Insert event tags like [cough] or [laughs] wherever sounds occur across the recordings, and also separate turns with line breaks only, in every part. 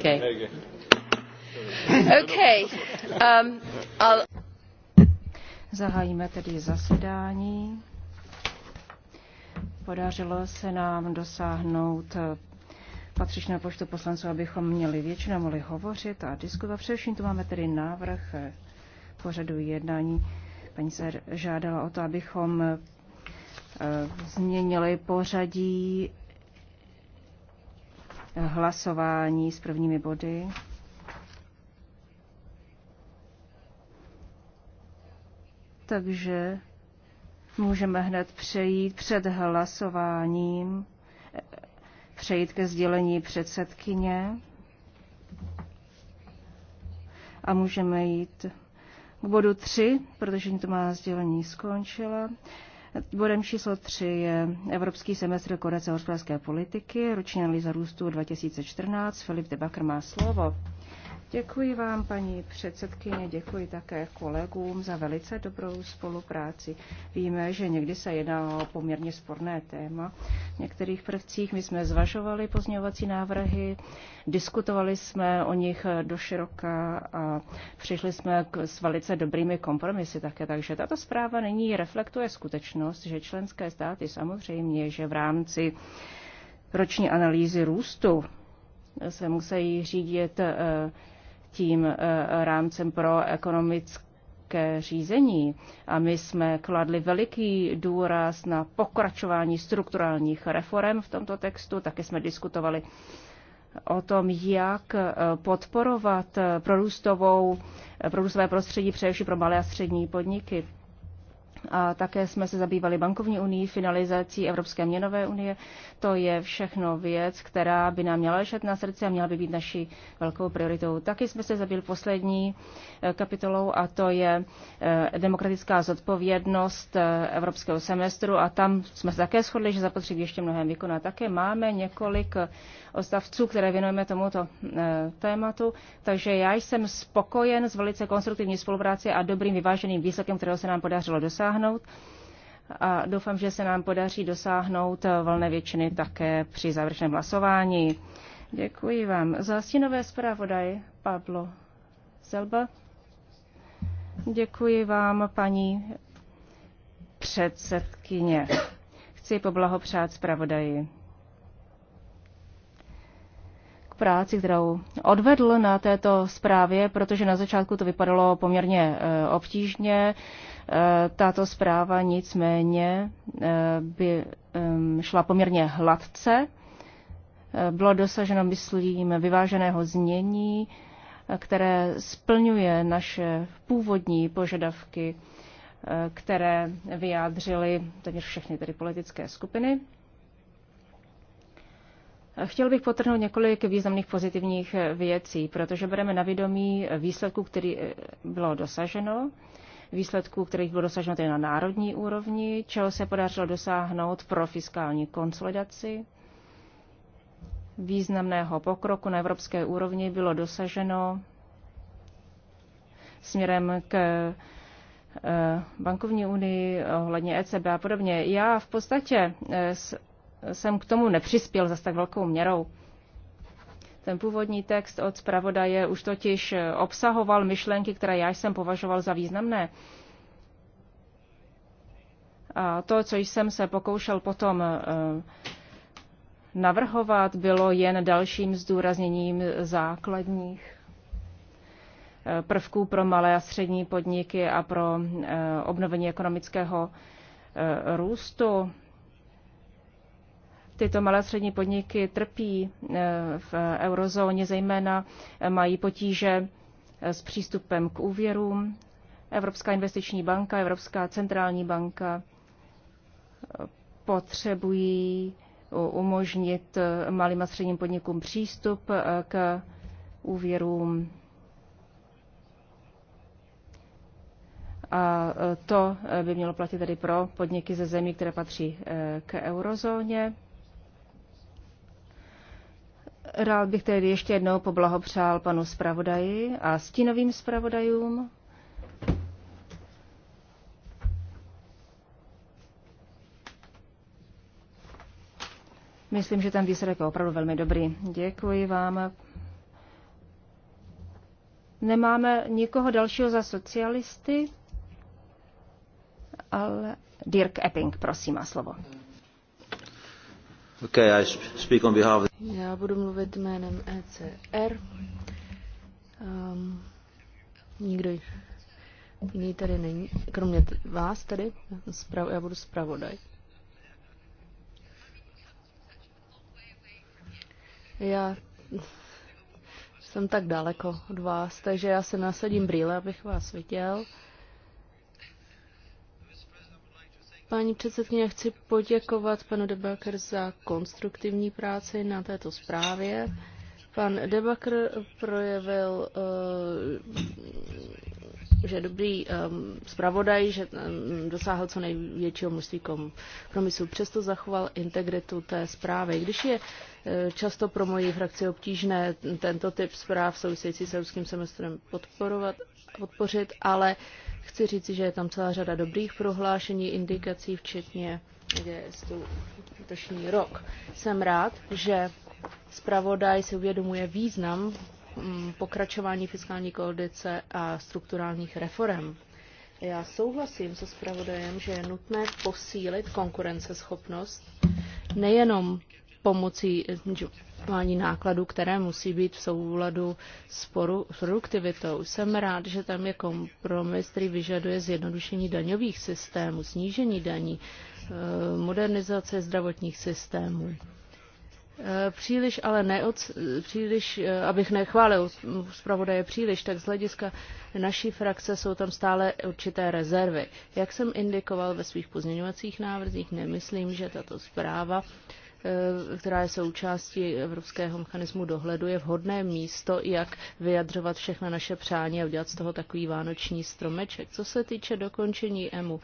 Okay. Okay. Um, I'll...
Zahájíme tedy zasedání. Podařilo se nám dosáhnout patřičného počtu poslanců, abychom měli většinu, mohli hovořit a diskutovat. Především tu máme tedy návrh pořadu jednání. Paní se žádala o to, abychom eh, změnili pořadí hlasování s prvními body. Takže můžeme hned přejít před hlasováním, přejít ke sdělení předsedkyně a můžeme jít k bodu 3, protože to má sdělení skončila. Bodem číslo 3 je Evropský semestr korece hospodářské politiky, roční analýza růstu 2014. Filip Bakr má slovo. Děkuji vám, paní předsedkyně, děkuji také kolegům za velice dobrou spolupráci. Víme, že někdy se jedná o poměrně sporné téma. V některých prvcích my jsme zvažovali pozměňovací návrhy, diskutovali jsme o nich doširoka a přišli jsme k, s velice dobrými kompromisy také. Takže tato zpráva nyní reflektuje skutečnost, že členské státy samozřejmě, že v rámci roční analýzy růstu se musí řídit eh, tím eh, rámcem pro ekonomické řízení. A my jsme kladli veliký důraz na pokračování strukturálních reform v tomto textu. Také jsme diskutovali o tom, jak eh, podporovat eh, prorůstovou, prorůstové prostředí především pro malé a střední podniky. A také jsme se zabývali bankovní unii, finalizací Evropské měnové unie. To je všechno věc, která by nám měla ležet na srdci a měla by být naší velkou prioritou. Taky jsme se zabývali poslední eh, kapitolou a to je eh, demokratická zodpovědnost eh, evropského semestru a tam jsme se také shodli, že zapotřebí ještě mnohem vykonat. Také máme několik odstavců, které věnujeme tomuto e, tématu. Takže já jsem spokojen s velice konstruktivní spolupráci a dobrým vyváženým výsledkem, kterého se nám podařilo dosáhnout. A doufám, že se nám podaří dosáhnout volné většiny také při závěrečném hlasování. Děkuji vám. Za stínové zpravodaj Pablo Zelba. Děkuji vám, paní předsedkyně. Chci poblahopřát zpravodaji práci, kterou odvedl na této zprávě, protože na začátku to vypadalo poměrně e, obtížně. E, tato zpráva nicméně e, by šla poměrně hladce. Bylo dosaženo, myslím, vyváženého znění, které splňuje naše původní požadavky, které vyjádřily téměř všechny tedy politické skupiny. Chtěl bych potrhnout několik významných pozitivních věcí, protože bereme na vědomí výsledku, který eh, bylo dosaženo, výsledků, kterých bylo dosaženo tedy na národní úrovni, čeho se podařilo dosáhnout pro fiskální konsolidaci. Významného pokroku na evropské úrovni bylo dosaženo směrem k eh, bankovní unii, ohledně ECB a podobně. Já v podstatě eh, jsem k tomu nepřispěl zase tak velkou měrou. Ten původní text od zpravodaje už totiž eh, obsahoval myšlenky, které já jsem považoval za významné. A to, co jsem se pokoušel potom eh, navrhovat, bylo jen dalším zdůrazněním základních eh, prvků pro malé a střední podniky a pro obnovení ekonomického růstu. Tyto malé střední podniky trpí eh, v eurozóně, zejména eh, mají potíže eh, s přístupem k úvěrům. Evropská investiční banka, Evropská centrální banka potřebují umožnit malým a středním podnikům přístup k úvěrům. A to by mělo platit tedy pro podniky ze zemí, které patří k eurozóně. Rád bych tedy ještě jednou poblahopřál panu zpravodaji a stínovým zpravodajům. Myslím, že ten výsledek je opravdu velmi dobrý. Děkuji vám. Nemáme nikoho dalšího za socialisty, ale Dirk Epping, prosím, má slovo.
Okay, I speak on behalf of...
Já budu mluvit jménem ECR. Um, ehm, nikdo jiný tady není, kromě vás tady. já budu zpravodaj. Já jsem tak daleko od vás, takže já se nasadím brýle, abych vás viděl. Paní předsedkyně, chci poděkovat panu Debaker za konstruktivní práci na této zprávě. Pan Debaker projevil, eh, že je dobrý eh, zpravodaj, že eh, dosáhl co největšího množství kompromisů, přesto zachoval integritu té zprávy. Když je často pro moji frakci obtížné tento typ zpráv související s evropským semestrem podporovat, podpořit, ale uh, Chci říct, že je tam celá řada dobrých prohlášení, indikací, včetně letošní rok. Jsem rád, že zpravodaj si uvědomuje význam mm, pokračování fiskální koordice a strukturálních reform. Já souhlasím se zpravodajem, že je nutné posílit konkurenceschopnost nejenom pomocí snižování nákladů, které musí být v souladu s produktivitou. Jsem rád, že tam je kompromis, který vyžaduje zjednodušení daňových systémů, snížení daní, eh, modernizace zdravotních systémů. Eh, příliš ale neoc, příliš, eh, abych nechválil zpravodaje příliš, tak z hlediska naší frakce jsou tam stále určité rezervy. Jak jsem indikoval ve svých pozměňovacích návrzích, nemyslím, že tato zpráva Eh, která je součástí Evropského mechanismu dohledu, je vhodné místo, jak vyjadřovat všechna naše přání a udělat z toho takový vánoční stromeček. Co se týče dokončení EMU,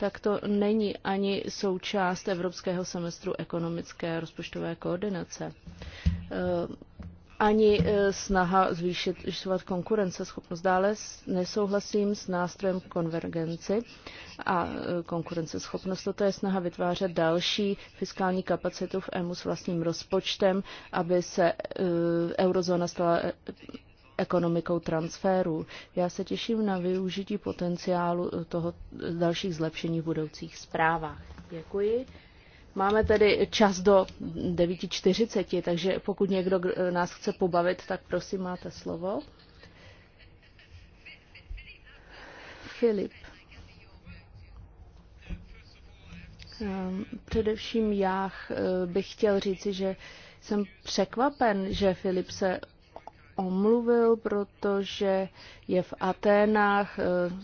tak to není ani součást Evropského semestru ekonomické rozpočtové koordinace eh, ani eh, snaha zvýšit, zvýšovat konkurenceschopnost. Dále nesouhlasím s nástrojem konvergenci a eh, konkurenceschopnost. Toto je snaha vytvářet další fiskální kapacitu v EMU s vlastním rozpočtem, aby se eh, eurozóna stala ekonomikou transferů. Já se těším na využití potenciálu toho dalších zlepšení v budoucích zprávách. Děkuji. Máme tedy čas do 9.40, takže pokud někdo nás chce pobavit, tak prosím, máte slovo. Filip. Ehm, především já eh, bych chtěl říci, že jsem překvapen, že Filip se omluvil, protože je v Aténách eh,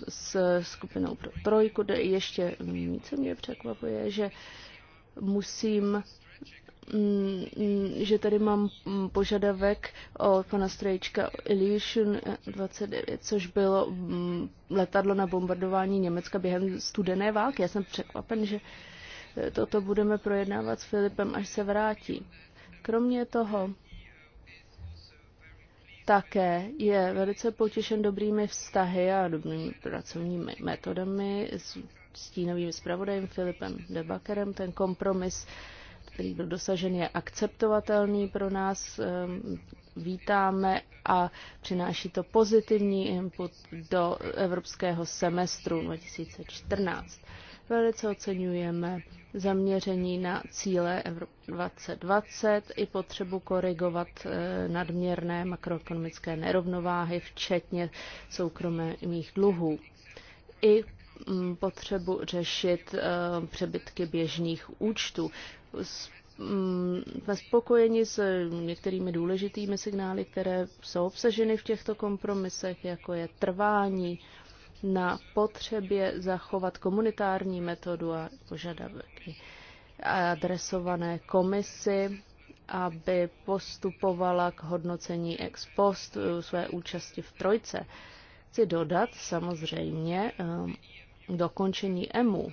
s skupinou pro trojku, kde ještě více mě překvapuje, že musím mm, že tady mám požadavek od pana Strejčka Illusion 29, což bylo mm, letadlo na bombardování Německa během studené války. Já jsem překvapen, že toto budeme projednávat s Filipem, až se vrátí. Kromě toho také je velice potěšen dobrými vztahy a dobrými pracovními metodami s stínovým zpravodajem Filipem Debakerem. Ten kompromis, který byl dosažen, je akceptovatelný pro nás. Ehm, vítáme a přináší to pozitivní input do evropského semestru 2014. Velice oceňujeme zaměření na cíle Evropy 2020 i potřebu korigovat eh, nadměrné makroekonomické nerovnováhy, včetně soukromých dluhů. I Mm, potřebu řešit eh, přebytky běžných účtů. Jsme mm, spokojeni s některými důležitými signály, které jsou obsaženy v těchto kompromisech, jako je trvání na potřebě zachovat komunitární metodu a požadavky adresované komisi, aby postupovala k hodnocení ex post své účasti v trojce. Chci dodat samozřejmě eh, dokončení EMU,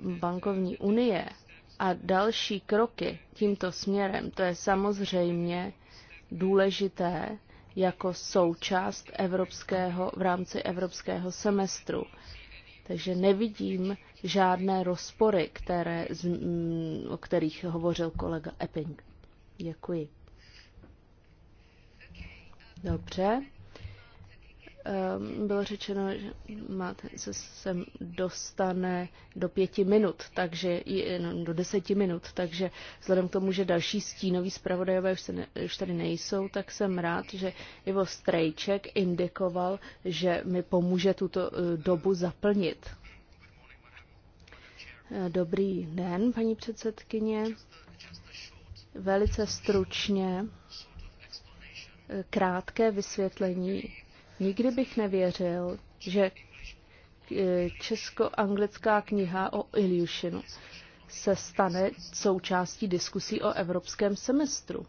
bankovní unie a další kroky tímto směrem, to je samozřejmě důležité jako součást evropského, v rámci evropského semestru. Takže nevidím žádné rozpory, které, o kterých hovořil kolega Epping. Děkuji. Dobře. Ehm, bylo řečeno, že máte, se sem dostane do pěti minut, takže eh, no, do deseti minut, takže vzhledem k tomu, že další stínoví zpravodajové už, se ne, už tady nejsou, tak jsem rád, že Ivo Strejček indikoval, že mi pomůže tuto eh, dobu zaplnit. Eh, dobrý den, paní předsedkyně. Velice stručně krátké vysvětlení Nikdy bych nevěřil, že eh, česko-anglická kniha o Ilyushinu se stane součástí diskusí o evropském semestru.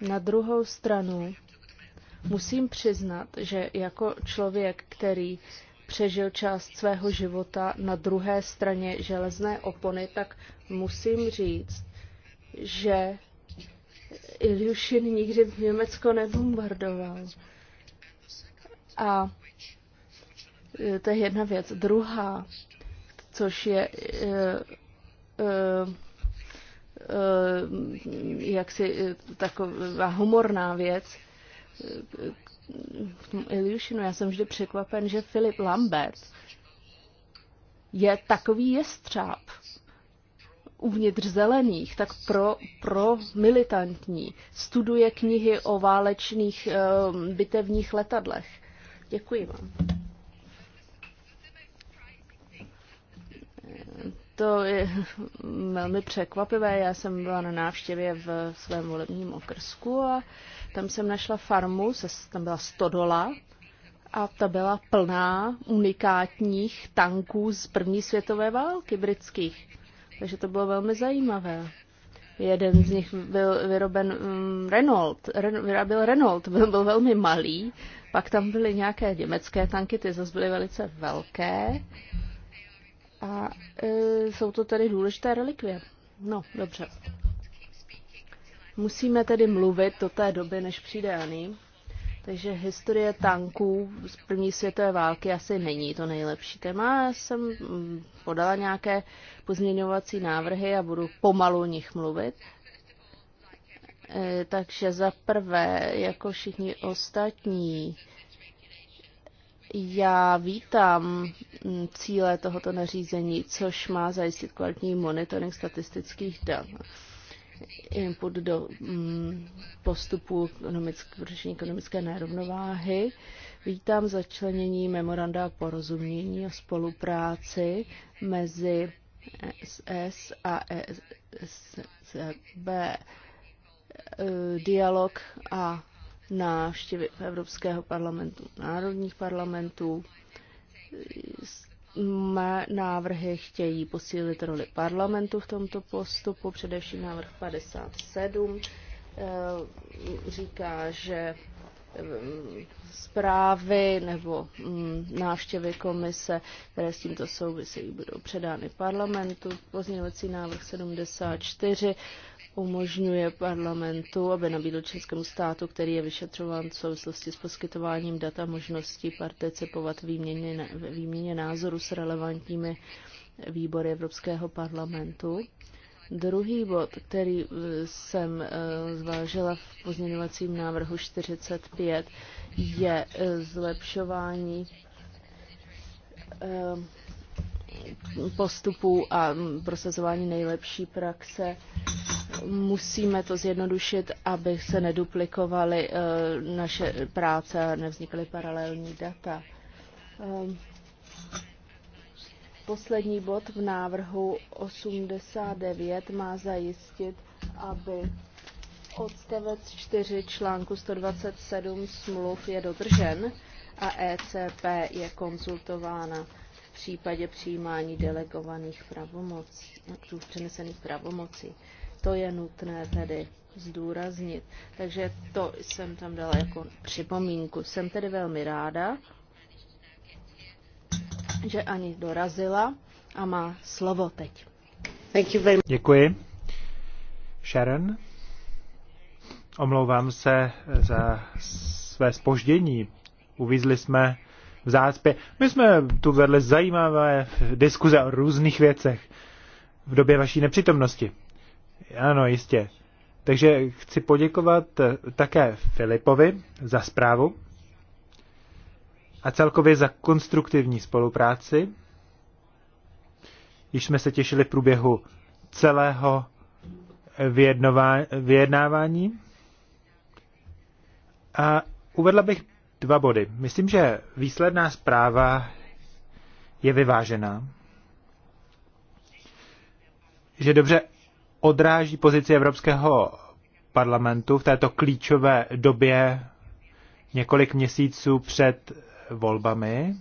Na druhou stranu musím přiznat, že jako člověk, který přežil část svého života na druhé straně železné opony, tak musím říct, že Iljušin nikdy v Německo nebombardoval. A e, to je jedna věc. Druhá, což je e, e, jaksi taková humorná věc k tomu Iliušinu. Já jsem vždy překvapen, že Filip Lambert je takový jestřáb uvnitř zelených, tak pro, pro militantní. Studuje knihy o válečných um, bitevních letadlech. Děkuji vám. To je velmi překvapivé. Já jsem byla na návštěvě v svém volebním okrsku a tam jsem našla farmu, tam byla stodola a ta byla plná unikátních tanků z první světové války britských takže to bylo velmi zajímavé. Jeden z nich byl vyroben um, Renault, Ren, vyráběl Renault, byl, byl velmi malý. Pak tam byly nějaké německé tanky, ty zase byly velice velké. A e, jsou to tedy důležité relikvie. No, dobře. Musíme tedy mluvit do té doby, než přijde Ani. Takže historie tanků z první světové války asi není to nejlepší téma. Já jsem mm, podala nějaké pozměňovací návrhy a budu pomalu o nich mluvit. E, takže za prvé, jako všichni ostatní, já vítám mm, cíle tohoto nařízení, což má zajistit kvalitní monitoring statistických dat input do mm, postupu ekonomické, ekonomické nerovnováhy. Vítám začlenění memoranda porozumění o spolupráci mezi SS a e SCB, e, dialog a návštěvy Evropského parlamentu, národních parlamentů, Mé návrhy chtějí posílit roli parlamentu v tomto postupu, především návrh 57 eh, říká, že eh, zprávy nebo mm, návštěvy komise, které s tímto souvisí, budou předány parlamentu. Pozměňovací návrh 74 umožňuje parlamentu, aby nabídl českému státu, který je vyšetřován v souvislosti s poskytováním data možností participovat výměně, výměně názoru s relevantními výbory Evropského parlamentu. Druhý bod, který eh, jsem eh, zvážila v pozměňovacím návrhu 45, je eh, zlepšování postupů a mm, prosazování nejlepší praxe Musíme to zjednodušit, aby se neduplikovaly eh, naše práce a nevznikly paralelní data. Ehm, poslední bod v návrhu 89 má zajistit, aby odstavec 4 článku 127 smluv je dodržen a ECP je konzultována v případě přijímání delegovaných pravomocí, přenesených pravomocí. To je nutné tedy zdůraznit. Takže to jsem tam dala jako připomínku. Jsem tedy velmi ráda, že ani dorazila a má slovo teď.
Děkuji. Sharon, omlouvám se za své spoždění. Uvízli jsme v zácpě. My jsme tu vedli zajímavé diskuze o různých věcech v době vaší nepřítomnosti. Ano, jistě. Takže chci poděkovat eh, také Filipovi za zprávu a celkově za konstruktivní spolupráci. Již jsme se těšili v průběhu celého eh, vyjednávání. A uvedla bych dva body. Myslím, že výsledná zpráva je vyvážená. Že dobře odráží pozici Evropského parlamentu v této klíčové době několik měsíců před volbami.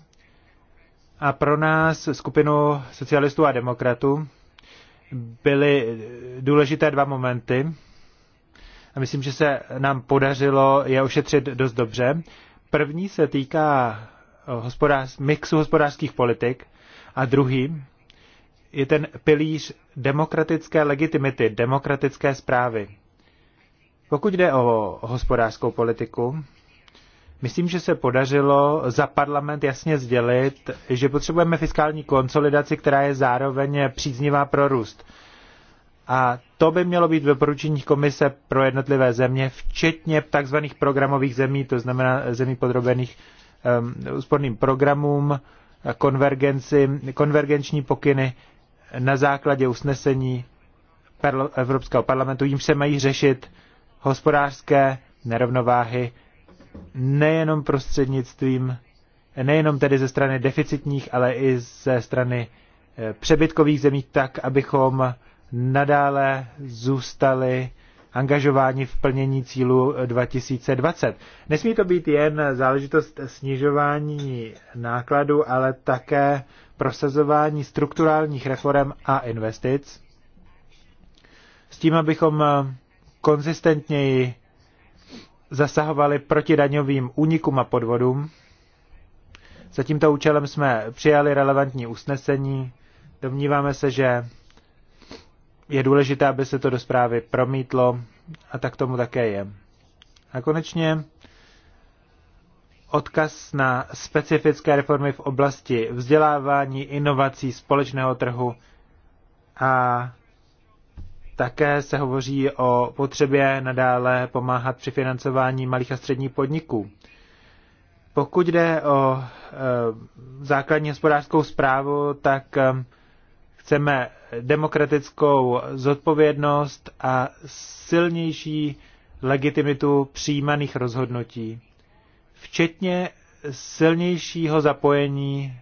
A pro nás, skupinu socialistů a demokratů, byly důležité dva momenty. A myslím, že se nám podařilo je ošetřit dost dobře. První se týká hospodář, mixu hospodářských politik a druhý je ten pilíř demokratické legitimity, demokratické zprávy. Pokud jde o hospodářskou politiku, myslím, že se podařilo za parlament jasně sdělit, že potřebujeme fiskální konsolidaci, která je zároveň příznivá pro růst. A to by mělo být doporučení komise pro jednotlivé země, včetně tzv. programových zemí, to znamená zemí podrobených um, úsporným programům, konvergenci, konvergenční pokyny na základě usnesení Evropského parlamentu, jim se mají řešit hospodářské nerovnováhy nejenom prostřednictvím, nejenom tedy ze strany deficitních, ale i ze strany e, přebytkových zemí, tak, abychom nadále zůstali angažováni v plnění cílu 2020. E, Nesmí to být jen záležitost snižování nákladu, ale také prosazování strukturálních reform a investic, s tím, abychom eh, konzistentněji zasahovali proti daňovým únikům a podvodům. Za tímto účelem jsme přijali relevantní usnesení. Domníváme se, že je důležité, aby se to do zprávy promítlo a tak tomu také je. A konečně odkaz na specifické reformy v oblasti vzdělávání, inovací, společného trhu a také se hovoří o potřebě nadále pomáhat při financování malých a středních podniků. Pokud jde o e, základní hospodářskou zprávu, tak e, chceme demokratickou zodpovědnost a silnější legitimitu přijímaných rozhodnutí včetně silnějšího zapojení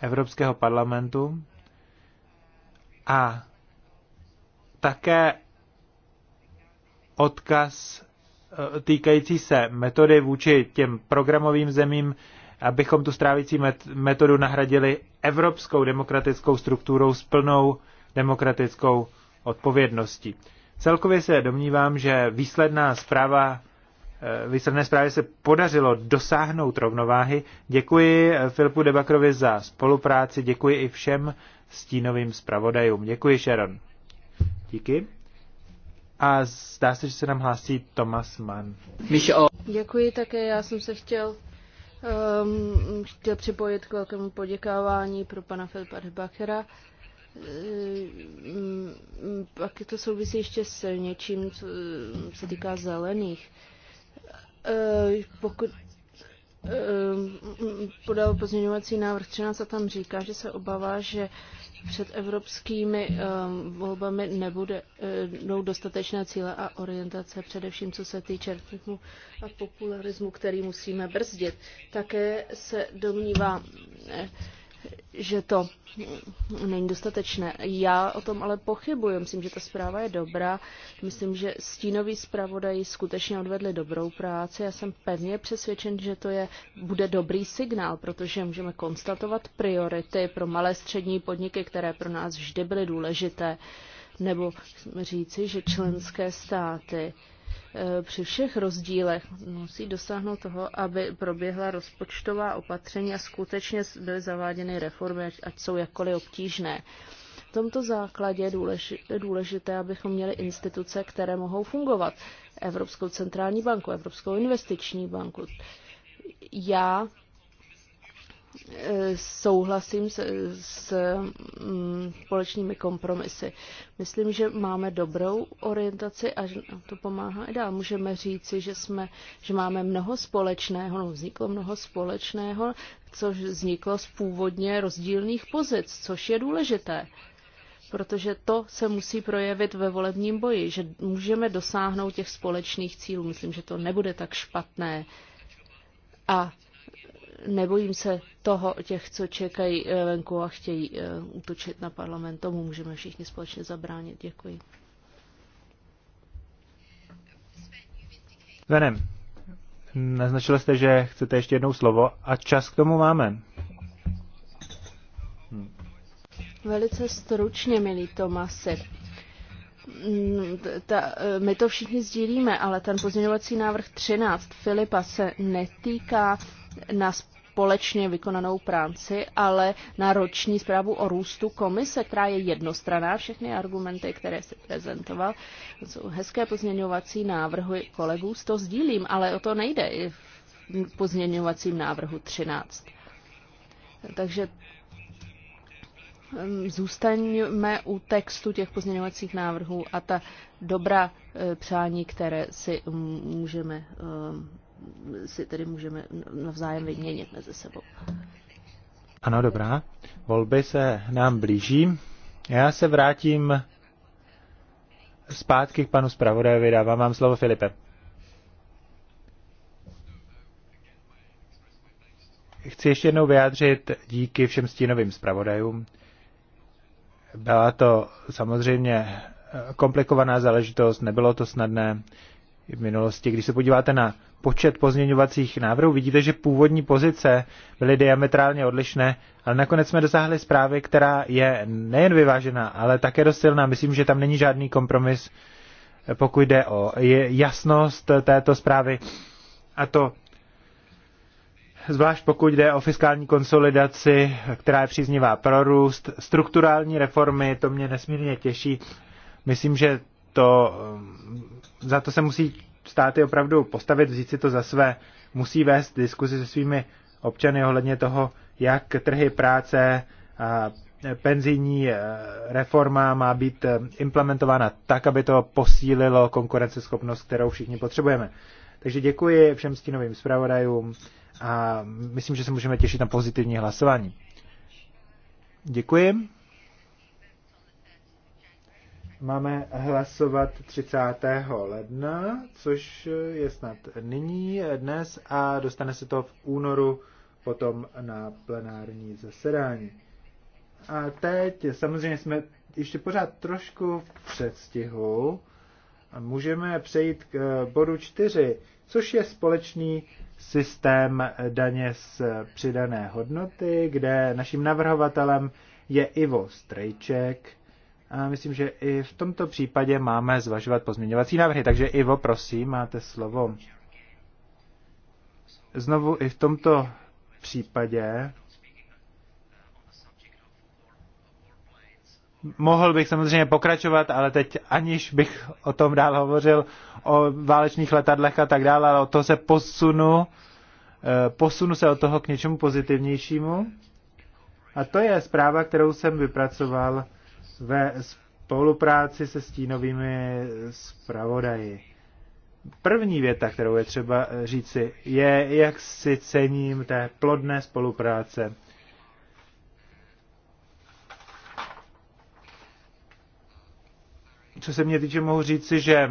Evropského parlamentu a také odkaz eh, týkající se metody vůči těm programovým zemím, abychom tu strávící metodu nahradili evropskou demokratickou strukturou s plnou demokratickou odpovědností. Celkově se domnívám, že výsledná zpráva výsledné zprávě se podařilo dosáhnout rovnováhy. Děkuji Filipu Debakrovi za spolupráci, děkuji i všem stínovým zpravodajům. Děkuji, Sharon. Díky. A zdá se, že se nám hlásí Thomas Mann.
Děkuji také, já jsem se chtěl um, chtěl připojit k velkému poděkávání pro pana Filipa Debakera. Um, pak to souvisí ještě s něčím, co se týká zelených. Uh, Eh, pokud eh, podal pozměňovací návrh 13 a tam říká, že se obává, že před evropskými eh, volbami nebude uh, dostatečné cíle a orientace, především co se týče rytmu a popularismu, který musíme brzdit. Také se domnívá, že to není dostatečné. Já o tom ale pochybuji. Myslím, že ta zpráva je dobrá. Myslím, že stínoví zpravodaji skutečně odvedli dobrou práci. Já jsem pevně přesvědčen, že to je, bude dobrý signál, protože můžeme konstatovat priority pro malé střední podniky, které pro nás vždy byly důležité. Nebo říci, že členské státy E, při všech rozdílech musí dosáhnout toho, aby proběhla rozpočtová opatření a skutečně byly zaváděny reformy, ať jsou jakkoliv obtížné. V tomto základě je důležité, důležité, abychom měli instituce, které mohou fungovat. Evropskou centrální banku, Evropskou investiční banku. Já souhlasím s, s mm, společnými kompromisy. Myslím, že máme dobrou orientaci a že to pomáhá i dál. Můžeme říci, že, jsme, že máme mnoho společného, no vzniklo mnoho společného, což vzniklo z původně rozdílných pozic, což je důležité. Protože to se musí projevit ve volebním boji, že můžeme dosáhnout těch společných cílů. Myslím, že to nebude tak špatné. A nebojím se toho, těch, co čekají eh, venku a chtějí eh, útočit na parlament. Tomu můžeme všichni společně zabránit. Děkuji.
Venem, naznačil jste, že chcete ještě jednou slovo a čas k tomu máme.
Hm. Velice stručně, milý Tomasi. Mm, ta, eh, my to všichni sdílíme, ale ten pozměňovací návrh 13 Filipa se netýká na společně vykonanou práci, ale na roční zprávu o růstu komise, která je jednostraná. Všechny argumenty, které si prezentoval, jsou hezké pozměňovací návrhy kolegů, to sdílím, ale o to nejde i v pozměňovacím návrhu 13. Takže ehm, zůstaňme u textu těch pozměňovacích návrhů a ta dobrá eh, přání, které si můžeme ehm, si tedy můžeme navzájem vyměnit mezi sebou.
Ano, dobrá. Volby se nám blíží. Já se vrátím zpátky k panu zpravodajovi. Dávám vám slovo Filipe. Chci ještě jednou vyjádřit díky všem stínovým zpravodajům. Byla to samozřejmě komplikovaná záležitost, nebylo to snadné v minulosti. Když se podíváte na počet pozměňovacích návrhů. Vidíte, že původní pozice byly diametrálně odlišné, ale nakonec jsme dosáhli zprávy, která je nejen vyvážená, ale také dost silná. Myslím, že tam není žádný kompromis, eh, pokud jde o jasnost této zprávy. A to zvlášť pokud jde o fiskální konsolidaci, která je příznivá pro růst, strukturální reformy, to mě nesmírně těší. Myslím, že to, eh, za to se musí státy opravdu postavit, vzít si to za své, musí vést diskuzi se svými občany ohledně toho, jak trhy práce a penzijní eh, reforma má být eh, implementována tak, aby to posílilo konkurenceschopnost, kterou všichni potřebujeme. Takže děkuji všem stínovým zpravodajům a myslím, že se můžeme těšit na pozitivní hlasování. Děkuji. Máme hlasovat 30. ledna, což je snad nyní, dnes a dostane se to v únoru potom na plenární zasedání. A teď samozřejmě jsme ještě pořád trošku v předstihu a můžeme přejít k eh, bodu 4, což je společný systém daně z přidané hodnoty, kde naším navrhovatelem je Ivo Strejček, a myslím, že i v tomto případě máme zvažovat pozměňovací návrhy. Takže Ivo, prosím, máte slovo. Znovu i v tomto případě Mohl bych samozřejmě pokračovat, ale teď aniž bych o tom dál hovořil, o válečných letadlech a tak dále, ale o to se posunu, eh, posunu se od toho k něčemu pozitivnějšímu. A to je zpráva, kterou jsem vypracoval své spolupráci se stínovými zpravodaji. První věta, kterou je třeba říci, je, jak si cením té plodné spolupráce. Co se mě týče, mohu říci, že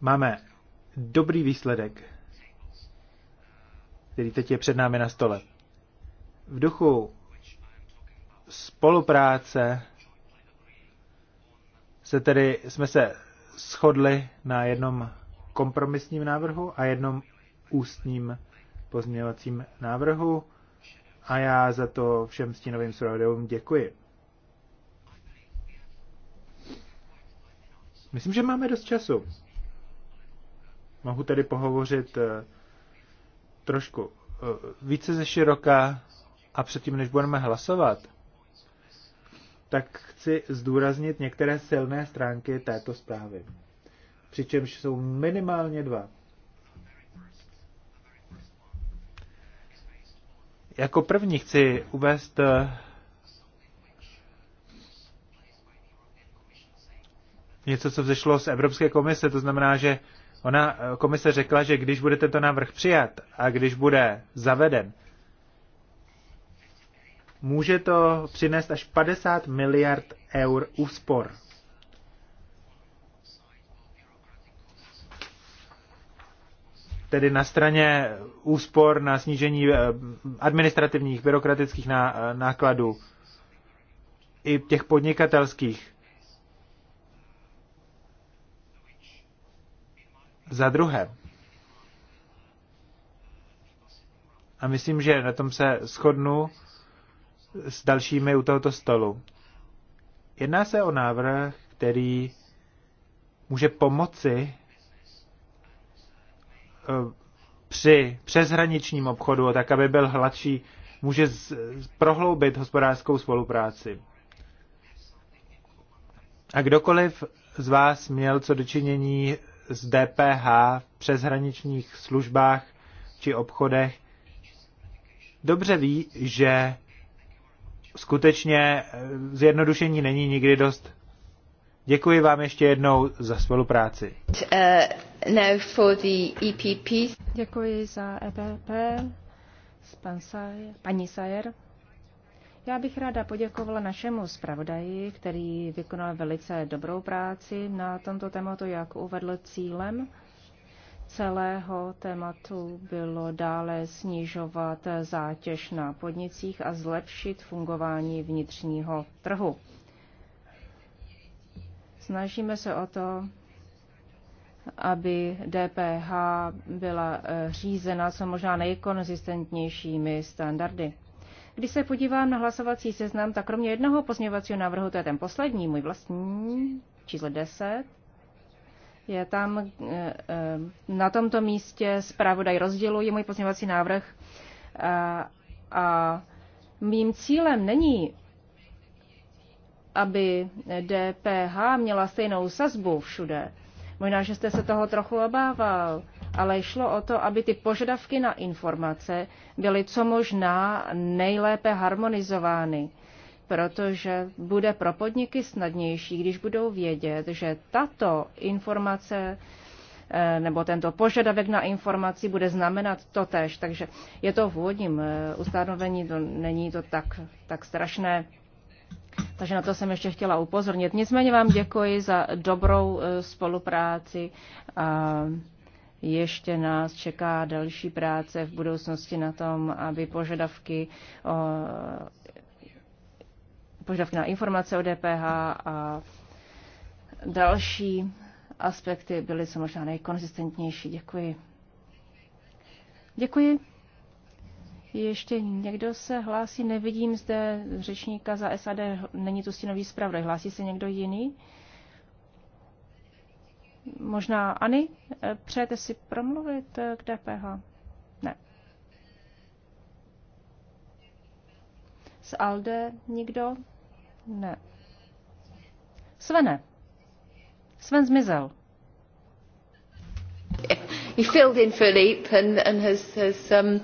máme dobrý výsledek, který teď je před námi na stole. V duchu spolupráce se tedy, jsme se shodli na jednom kompromisním návrhu a jednom ústním pozměňovacím návrhu a já za to všem stínovým zpravodajům děkuji. Myslím, že máme dost času. Mohu tedy pohovořit eh, trošku eh, více ze široka a předtím, než budeme hlasovat, tak chci zdůraznit některé silné stránky této zprávy. Přičemž jsou minimálně dva. Jako první chci uvést eh, něco, co vzešlo z Evropské komise, to znamená, že ona eh, komise řekla, že když bude tento návrh přijat a když bude zaveden, může to přinést až 50 miliard eur úspor. Tedy na straně úspor na snížení eh, administrativních, byrokratických eh, nákladů i těch podnikatelských. Za druhé, a myslím, že na tom se shodnu s dalšími u tohoto stolu. Jedná se o návrh, který může pomoci eh, při přeshraničním obchodu, tak aby byl hladší, může prohloubit hospodářskou spolupráci. A kdokoliv z vás měl co dočinění s DPH v přeshraničních službách či obchodech, dobře ví, že skutečně eh, zjednodušení není nikdy dost. Děkuji vám ještě jednou za spolupráci.
Uh, now for the EPP. Děkuji za EPP, paní Sajer. Já bych ráda poděkovala našemu zpravodaji, který vykonal velice dobrou práci na tomto tématu, jak uvedl cílem celého tématu bylo dále snižovat zátěž na podnicích a zlepšit fungování vnitřního trhu. Snažíme se o to, aby DPH byla eh, řízena co možná nejkonzistentnějšími standardy. Když se podívám na hlasovací seznam, tak kromě jednoho pozměňovacího návrhu, to je ten poslední, můj vlastní, číslo 10, je tam e, e, na tomto místě zpravodaj rozděluji můj pozměňovací návrh a, a mým cílem není, aby DPH měla stejnou sazbu všude. Možná, že jste se toho trochu obával, ale šlo o to, aby ty požadavky na informace byly co možná nejlépe harmonizovány protože bude pro podniky snadnější, když budou vědět, že tato informace eh, nebo tento požadavek na informaci bude znamenat to tež. Takže je to v úvodním eh, ustanovení, to není to tak, tak strašné. Takže na to jsem ještě chtěla upozornit. Nicméně vám děkuji za dobrou eh, spolupráci a ještě nás čeká další práce v budoucnosti na tom, aby požadavky požadavky na informace o DPH a další aspekty byly samozřejmě možná nejkonzistentnější. Děkuji. Děkuji. Ještě někdo se hlásí? Nevidím zde řečníka za SAD, není tu stínový zpravodaj. Hlásí se někdo jiný? Možná Ani, přejete si promluvit k DPH? Ne. Z ALDE nikdo? Ne. Svene. Sven zmizel.
He filled in Philippe and, and has, has um...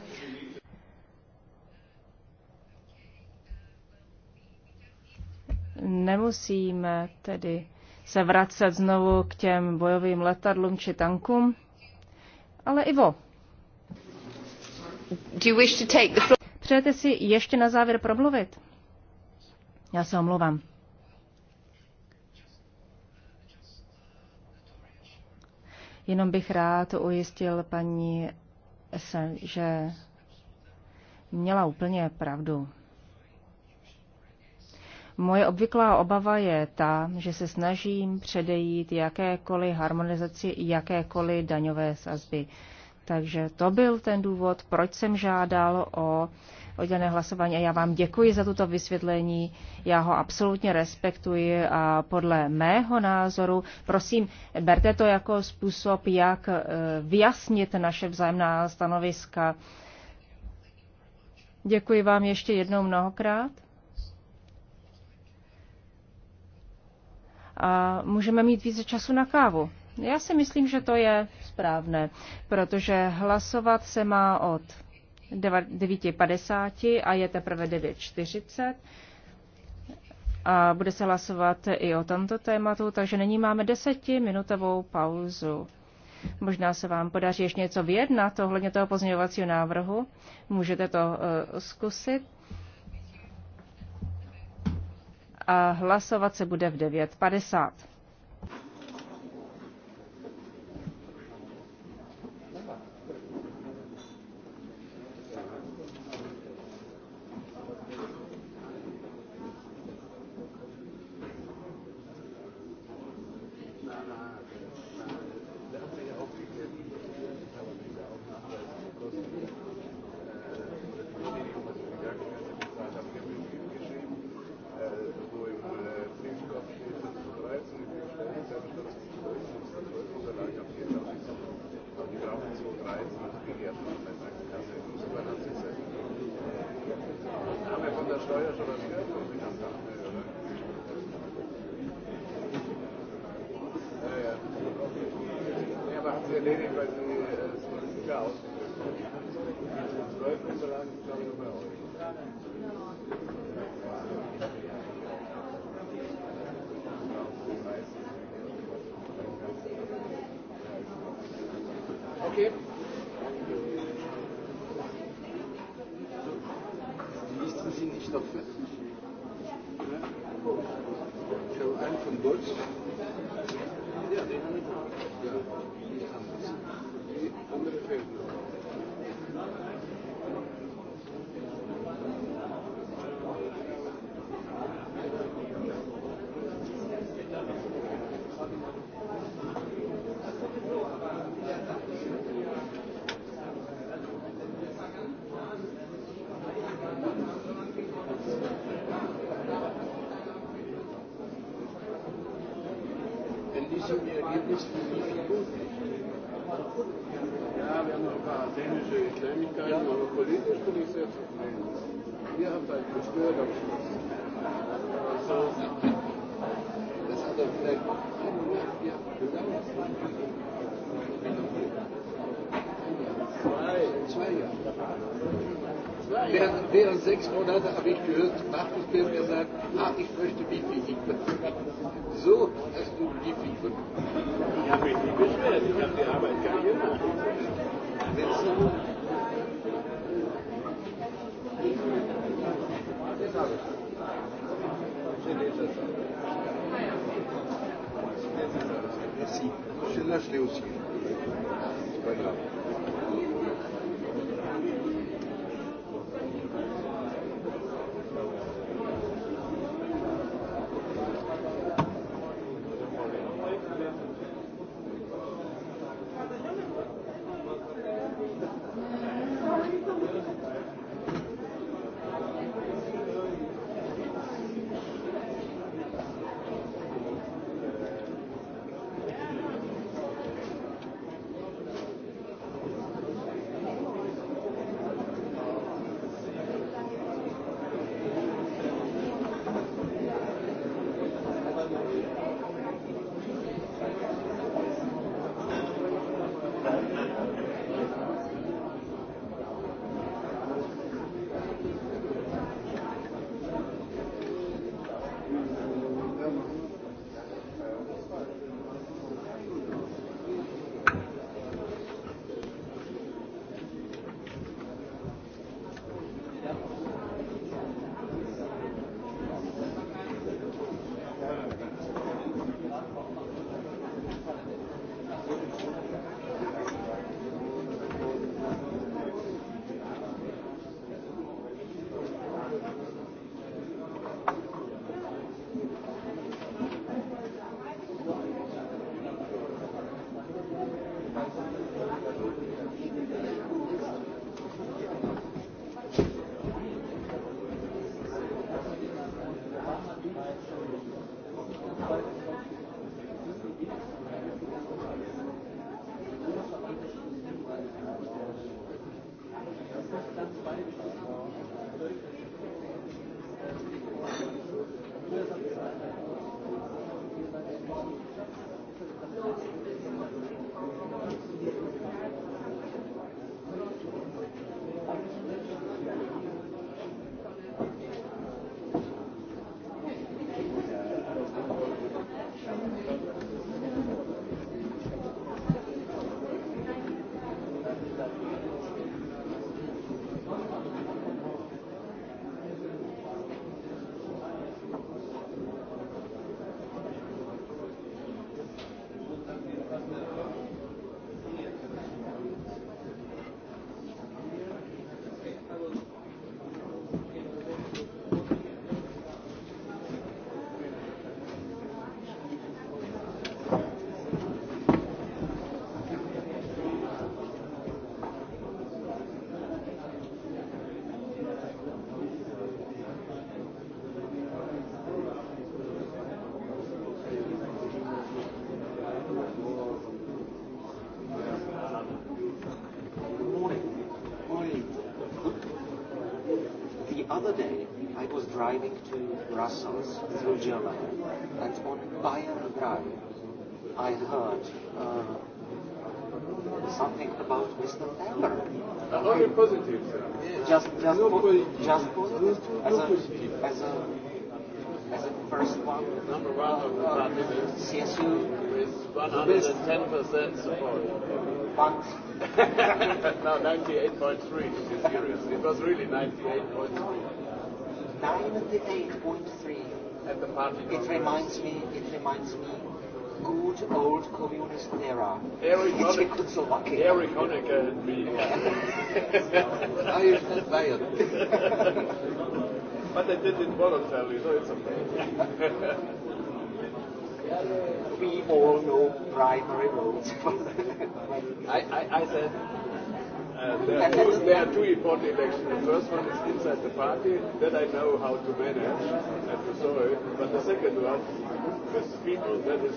Nemusíme tedy se vracet znovu k těm bojovým letadlům či tankům. Ale Ivo, Do you wish to take the... přejete si ještě na závěr promluvit? Já se omlouvám. Jenom bych rád ujistil paní S, že měla úplně pravdu. Moje obvyklá obava je ta, že se snažím předejít jakékoliv harmonizaci, jakékoliv daňové sazby. Takže to byl ten důvod, proč jsem žádal o oddělené hlasování a já vám děkuji za toto vysvětlení. Já ho absolutně respektuji a podle mého názoru, prosím, berte to jako způsob, jak eh, vyjasnit naše vzájemná stanoviska. Děkuji vám ještě jednou mnohokrát. A můžeme mít více času na kávu. Já si myslím, že to je správné, protože hlasovat se má od 9.50 a je teprve 9.40. A bude se hlasovat i o tomto tématu, takže nyní máme desetiminutovou pauzu. Možná se vám podaří ještě něco vyjednat ohledně toho pozměňovacího návrhu. Můžete to uh, zkusit. A hlasovat se bude v 9.50.
Ja, wir haben noch ein paar dänische Kleinigkeiten, ja. aber politisch bin ich sehr zufrieden. Ihr habt einen gestört am Schluss. Also, das hat er vielleicht Zwei. Zwei Jahre während, während sechs Monate habe ich gehört, Markus mir gesagt, ah, ich möchte Bifi hippen. So hast du die gefunden. Ich habe mich nicht beschwert, ich habe die Arbeit gar gemacht. Merci. Je lâche les aussi. C'est pas grave. It's November. Uh, only positive, sir. Just, just, po positive. just positive. As a, as a, as a first one. Number one of the uh, party list. CSU. With 110% support. But. [laughs] no, 98.3 to It was really 98.3. 98.3. At the party. It reminds me. It reminds me good old communist era. Eric Honecker. Eric Honecker and me. [laughs] I used that [laughs] Bayern. But I did it voluntarily, so it's okay. [laughs] we all know primary roads. I, I, I said Uh, there, are two, there are two important elections. The first one is inside the party, that I know how to manage, and to solve. But the second one, with people, that is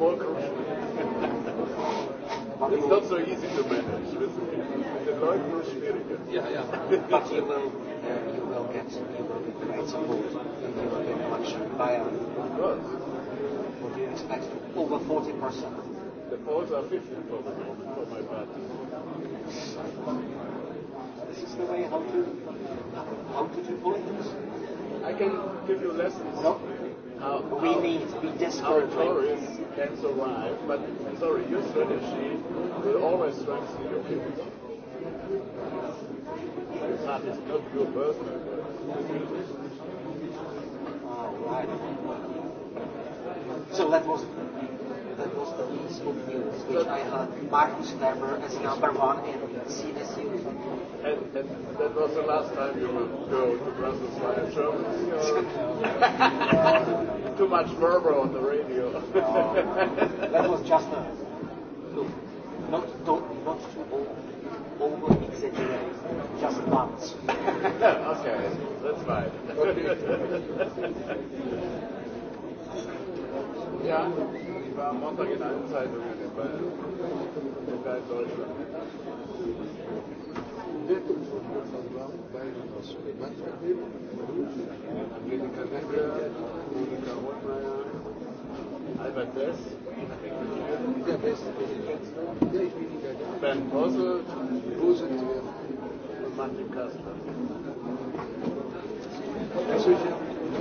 more crucial. [laughs] it's not so easy to manage with the people. The Leute nur schwieriger. Yeah, yeah. but you will, uh, you will get, you will get great support in the European election By Bayern. Of course. What do you expect? Over 40%. The polls are 50 for the moment for my party. This is the way how to how to do politics. I can give you lessons. No. How, uh, we how, need we desperately how Tories can survive, but sorry, your strategy will always strengthen your people. That is not your personal. All right. So that was that was the least good news, which I had Martin Schlepper as number one in CSU. And, and that was the last time you would go to Brussels via Germany. Too much murmur on the radio. no, that was just a look. Not, don't, not too old over just once. [laughs] okay, that's fine. [laughs] ja, ich war am Montag in allen Zeitungen in Bayern, in Deutschland. Angelika Necker, Monika Rottmeier, Albert Dess, der beste Ben Bossel, Busitz und Martin Kastner.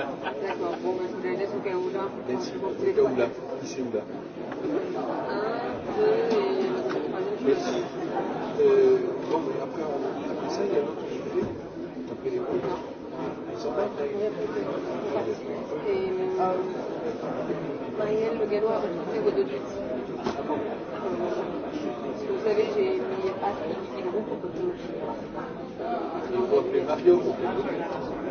D'accord, bon, bah, je vous la laisse au cas où là. Laisse, au cas où là, ici ou là. Un, deux et Merci. Euh, non, mais après, on, après ça, il y a l'autre sujet. Après les points. Ils sont là Et euh, Marielle Le Gallois, c'est vos deux tweets. Ah bon Parce que vous savez, j'ai mis As qui dit groupe au côté. Vous appelez Marion au côté.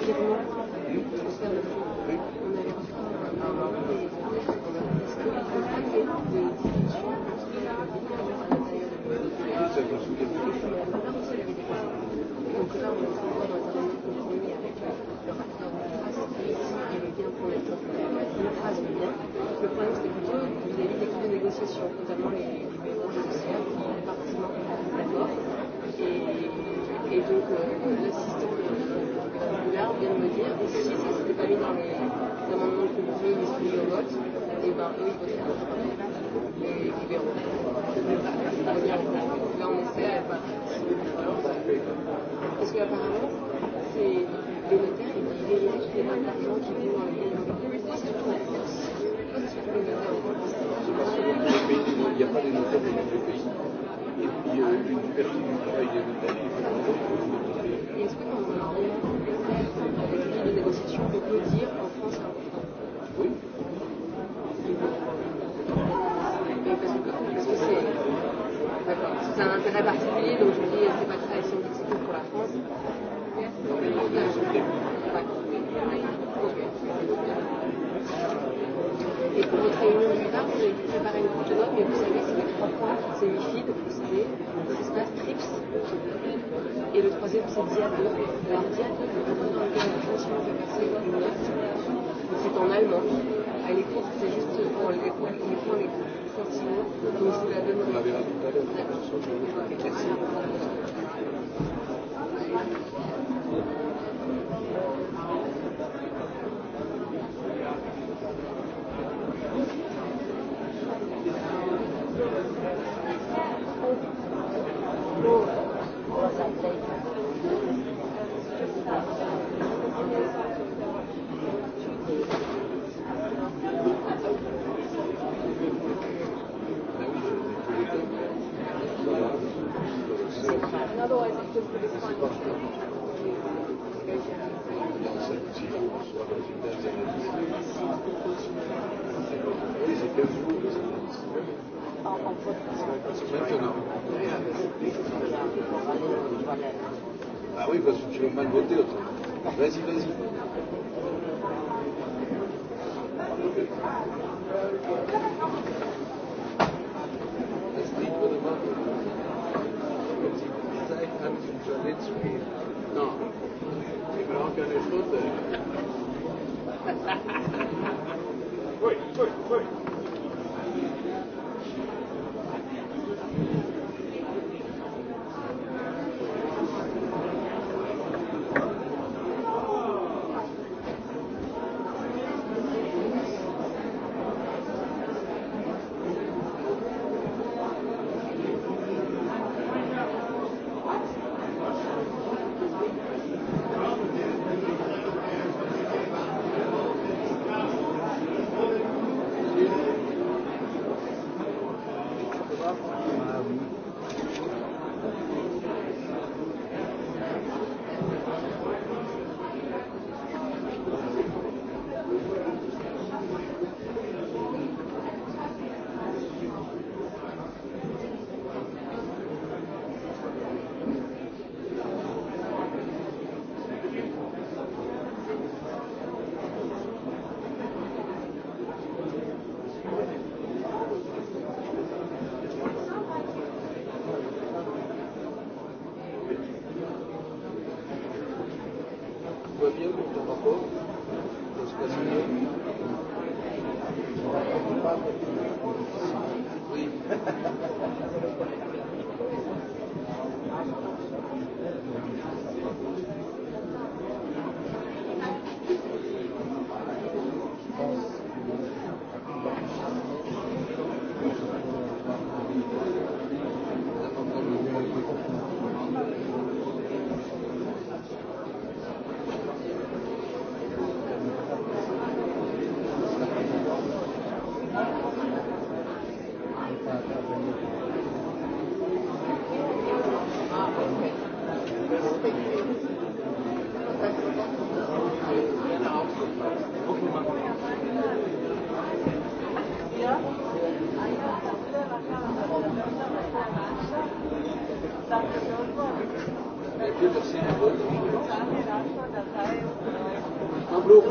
relativement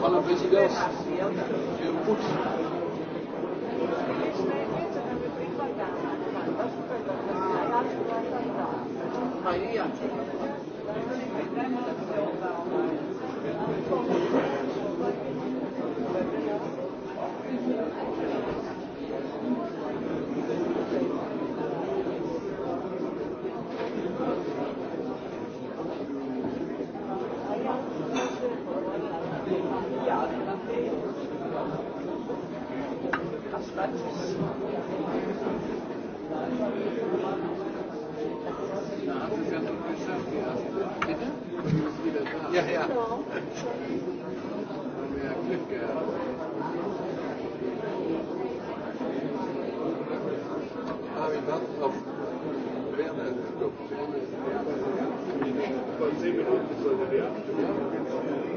Pana la Thank you. Von zehn Minuten sollte die Abstimmung beginnen.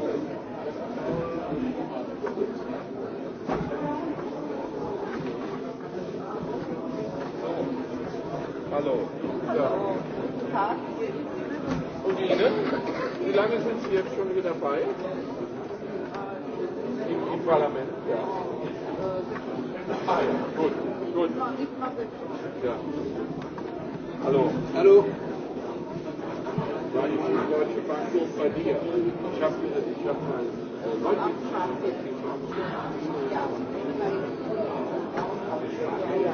Hallo. Ja. Tag. Und Ihnen? Wie lange sind Sie jetzt schon hier dabei? Im, im Parlament, ja. Ah, ja. Gut, gut. Ja. Hallo. Hallo. War ich die Deutsche Bank so bei dir? Ich habe ich hab mein äh, Leute. Ja. Ja, ja.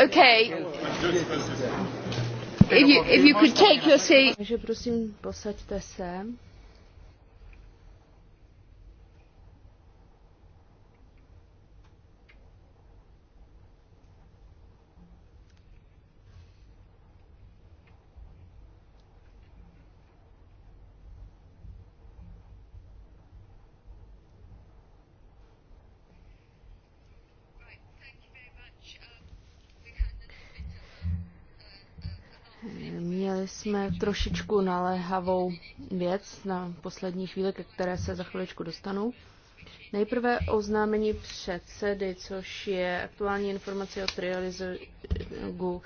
Okay. If you, if you could take your
seat. Takže prosím, posaďte se. jsme trošičku naléhavou věc na poslední chvíli, ke které se za chviličku dostanu. Nejprve oznámení předsedy, což je aktuální informace o trialogu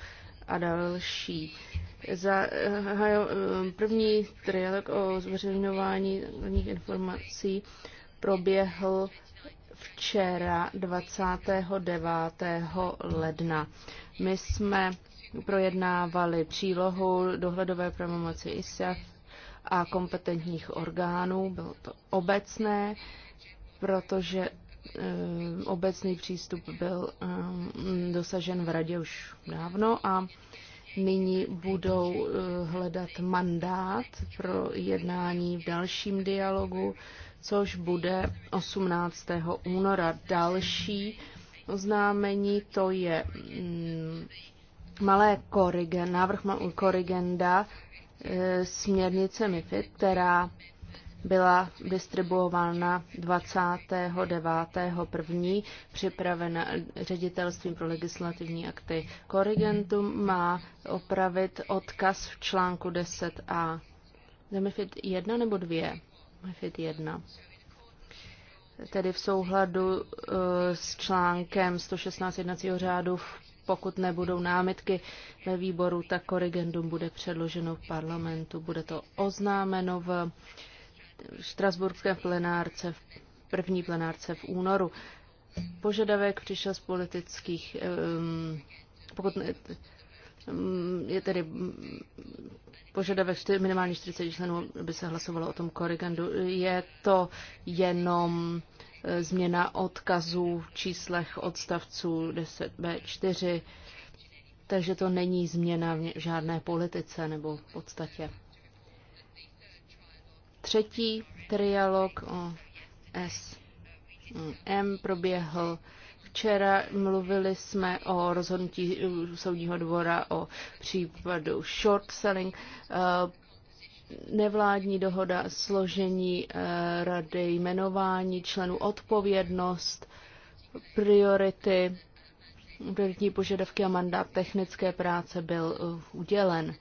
a další. Za eh, eh, první trialog o zveřejňování informací proběhl včera 29. ledna. My jsme projednávali přílohu dohledové pravomoci ISAF a kompetentních orgánů. Bylo to obecné, protože eh, obecný přístup byl eh, dosažen v radě už dávno a nyní budou eh, hledat mandát pro jednání v dalším dialogu, což bude 18. února. Další oznámení to je mm, malé korigen, návrh korigenda e, směrnice MIFID, která byla distribuována 29.1. připravena ředitelstvím pro legislativní akty. Korigentum má opravit odkaz v článku 10a. MIFID 1 nebo 2? MIFID 1 tedy v souhladu e, s článkem 116 jednacího řádu v pokud nebudou námitky ve výboru, tak korigendum bude předloženo v parlamentu. Bude to oznámeno v Štrasburské plenárce, v první plenárce v únoru. Požadavek přišel z politických, pokud ne, je tedy požadavek minimálně 40 členů, aby se hlasovalo o tom korigendu. Je to jenom změna odkazů v číslech odstavců 10b4, takže to není změna v žádné politice nebo v podstatě. Třetí trialog o SM proběhl včera. Mluvili jsme o rozhodnutí soudního dvora o případu short selling. Eh, nevládní dohoda, složení eh, rady, jmenování členů, odpovědnost, priority, prioritní požadavky a mandát technické práce byl eh, udělen.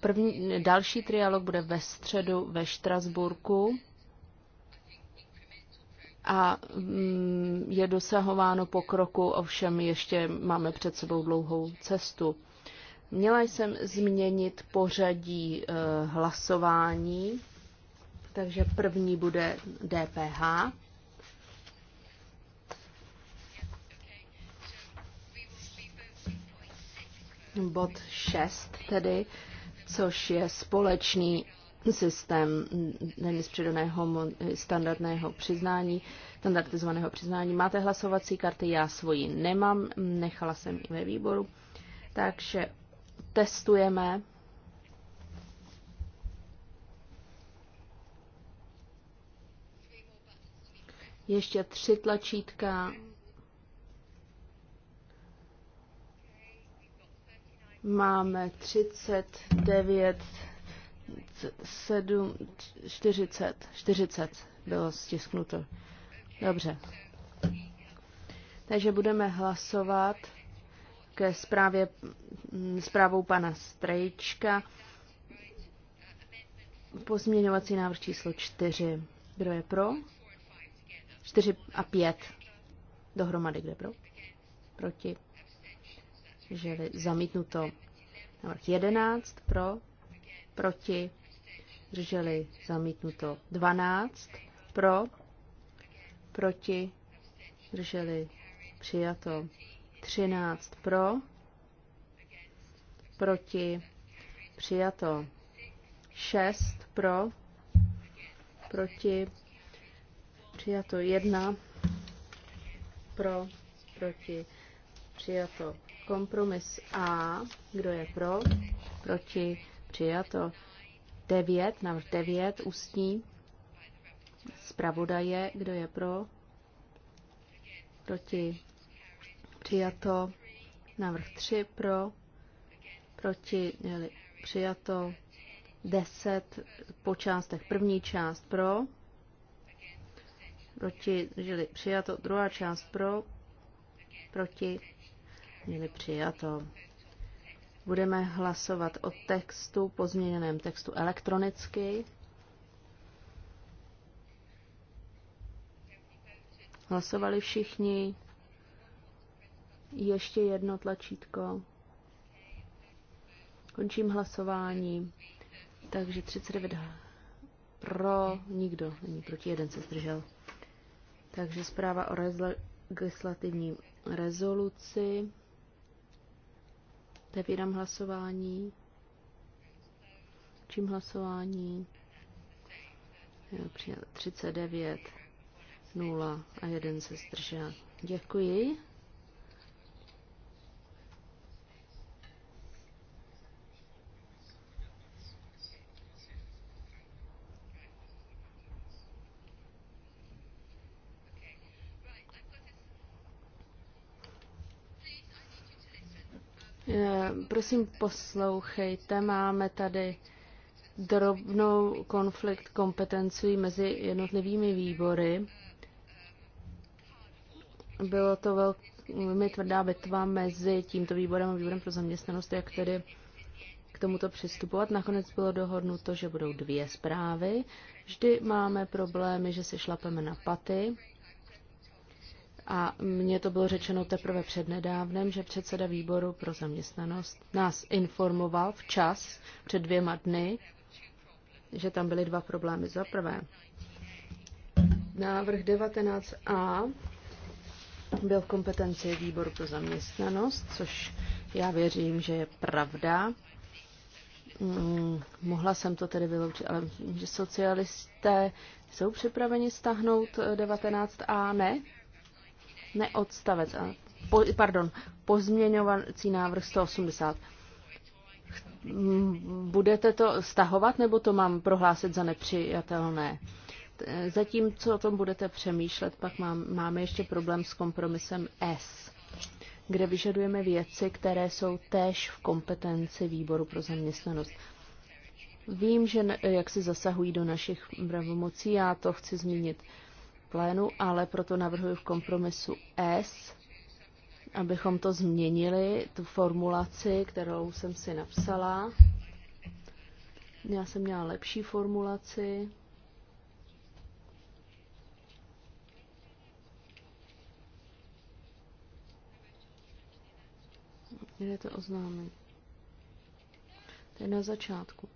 První, další trialog bude ve středu ve Štrasburku a mm, je dosahováno pokroku, ovšem ještě máme před sebou dlouhou cestu. Měla jsem změnit pořadí eh, hlasování, takže první bude DPH. Bod 6 tedy, což je společný systém není z přidaného standardného přiznání, standardizovaného přiznání. Máte hlasovací karty, já svoji nemám, nechala jsem i ve výboru. Takže testujeme. Ještě tři tlačítka. Máme 39, 7, 40, 40 bylo stisknuto. Dobře. Takže budeme hlasovat ke zprávě, mm, zprávou pana Strejčka. Pozměňovací návrh číslo 4. Kdo je pro? 4 a 5 dohromady, kde pro? Proti. že zamítnuto. Návrh 11 pro, proti, drželi zamítnuto 12 pro, proti, drželi přijato 13 pro, proti, přijato. 6 pro, proti, přijato. 1 pro, proti, přijato. Kompromis A, kdo je pro, proti, přijato. 9, návrh 9, ústní, zpravodaje, kdo je pro, proti, přijato. Návrh 3 pro, proti, měli přijato. 10 po částech. První část pro, proti, měli přijato. Druhá část pro, proti, měli přijato. Budeme hlasovat o textu, pozměněném textu elektronicky. Hlasovali všichni. Ještě jedno tlačítko. Končím hlasování. Takže 39 pro, nikdo není proti, jeden se zdržel. Takže zpráva o legislativní rezoluci. Otevírám hlasování. Čím hlasování? 39, 0 a 1 se zdržel. Děkuji. Eh, prosím, poslouchejte, máme tady drobnou konflikt kompetencí mezi jednotlivými výbory. Bylo to velmi tvrdá bitva mezi tímto výborem a výborem pro zaměstnanost, jak tedy k tomuto přistupovat. Nakonec bylo dohodnuto, že budou dvě zprávy. Vždy máme problémy, že se šlapeme na paty a mně to bylo řečeno teprve přednedávnem, že předseda výboru pro zaměstnanost nás informoval včas, před dvěma dny, že tam byly dva problémy. Za prvé, návrh 19a byl v kompetenci výboru pro zaměstnanost, což já věřím, že je pravda. Mm, mohla jsem to tedy vyloučit, ale že socialisté jsou připraveni stahnout 19a, eh, ne? ne odstavec, a po, pardon, pozměňovací návrh 180. Budete to stahovat, nebo to mám prohlásit za nepřijatelné? Zatímco o tom budete přemýšlet, pak mám, máme ještě problém s kompromisem S, kde vyžadujeme věci, které jsou též v kompetenci výboru pro zaměstnanost. Vím, že jak si zasahují do našich pravomocí, já to chci zmínit plénu, ale proto navrhuji v kompromisu S, abychom to změnili, tu formulaci, kterou jsem si napsala. Já jsem měla lepší formulaci. Kde to oznámení? To je na začátku.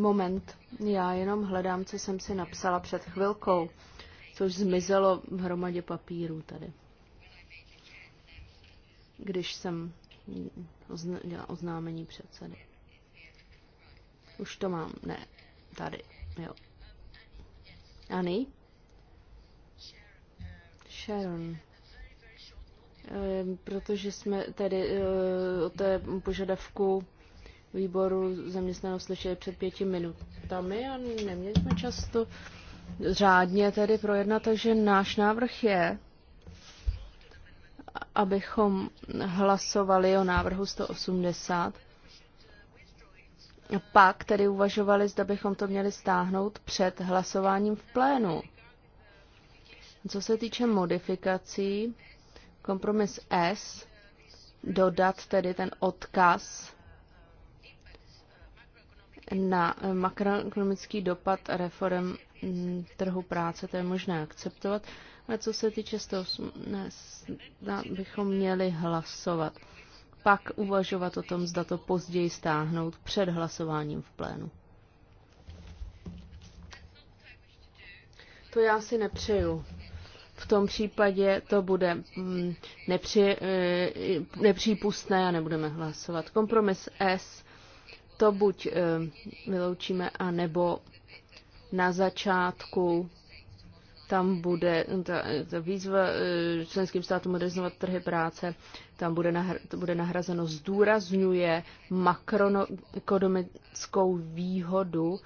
Moment, já jenom hledám, co jsem si napsala před chvilkou, což zmizelo v hromadě papírů tady. Když jsem dělala oznámení předsedy. Už to mám, ne, tady, jo. Ani? Sharon ehm, protože jsme tedy eh, o té požadavku výboru zaměstnanost slyšeli před pěti minutami a neměli jsme často řádně tedy projednat, takže náš návrh je, abychom hlasovali o návrhu 180 a pak tedy uvažovali, zda bychom to měli stáhnout před hlasováním v plénu. Co se týče modifikací, kompromis S, dodat tedy ten odkaz na makroekonomický dopad reform mm, trhu práce, to je možné akceptovat. Ale co se týče 108, ne, bychom měli hlasovat. Pak uvažovat o tom, zda to později stáhnout před hlasováním v plénu. To já si nepřeju. V tom případě to bude mm, nepři, eh, nepřípustné a nebudeme hlasovat. Kompromis S to buď eh, vyloučíme, anebo na začátku tam bude ta, ta výzva eh, členským státům modernizovat trhy práce, tam bude, nahr, to bude nahrazeno, zdůrazňuje makroekonomickou výhodu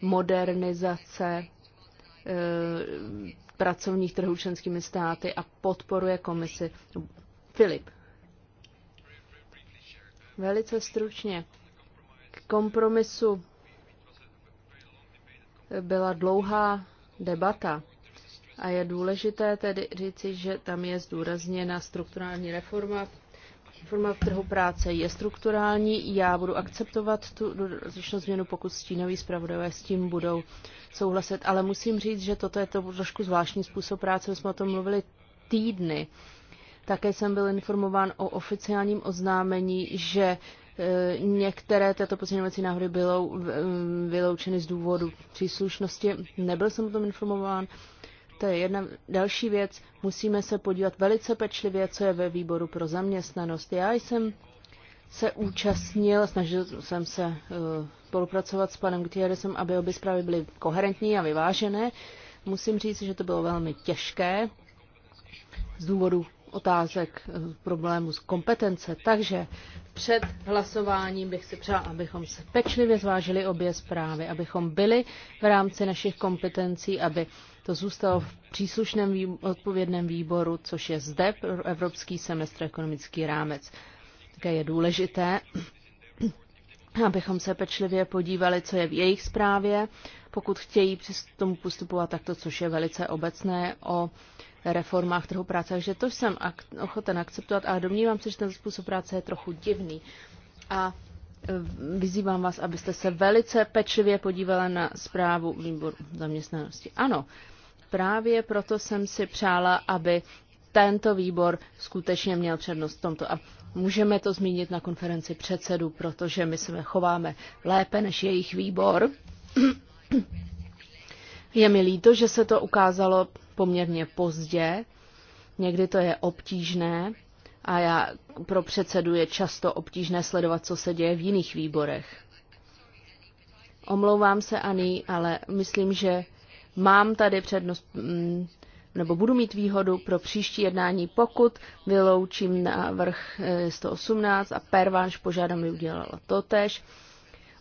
modernizace eh, pracovních trhů členskými státy a podporuje komisi. Filip. Velice stručně kompromisu byla dlouhá debata a je důležité tedy říci, že tam je zdůrazněna strukturální reforma. Reforma v trhu práce je strukturální. Já budu akceptovat tu rozličnou změnu, pokud stínoví zpravodajové s tím budou souhlasit. Ale musím říct, že toto je to trošku zvláštní způsob práce. My jsme o tom mluvili týdny. Také jsem byl informován o oficiálním oznámení, že E, některé této pozměňovací návrhy bylo e, vyloučeny z důvodu příslušnosti. Nebyl jsem o tom informován. To je jedna další věc. Musíme se podívat velice pečlivě, co je ve výboru pro zaměstnanost. Já jsem se účastnil, snažil jsem se e, spolupracovat s panem Gutierrezem, aby obě zprávy byly koherentní a vyvážené. Musím říct, že to bylo velmi těžké z důvodu otázek eh, problémů z kompetence. Takže před hlasováním bych si přála, abychom se pečlivě zvážili obě zprávy, abychom byli v rámci našich kompetencí, aby to zůstalo v příslušném výboru, odpovědném výboru, což je zde pro Evropský semestr ekonomický rámec. Také je důležité, [clears throat] abychom se pečlivě podívali, co je v jejich zprávě, pokud chtějí přes tomu postupovat takto, což je velice obecné o reformách trhu práce. Takže to jsem ochoten akceptovat, ale domnívám se, že ten způsob práce je trochu divný. A e, vyzývám vás, abyste se velice pečlivě podívala na zprávu výboru zaměstnanosti. Ano, právě proto jsem si přála, aby tento výbor skutečně měl přednost v tomto. A můžeme to zmínit na konferenci předsedů, protože my se chováme lépe než jejich výbor. Je mi líto, že se to ukázalo poměrně pozdě, někdy to je obtížné a já pro předsedu je často obtížné sledovat, co se děje v jiných výborech. Omlouvám se, Ani, ale myslím, že mám tady přednost, mm, nebo budu mít výhodu pro příští jednání, pokud vyloučím návrh 118 eh, a Pervánš požádám, aby udělala to tež.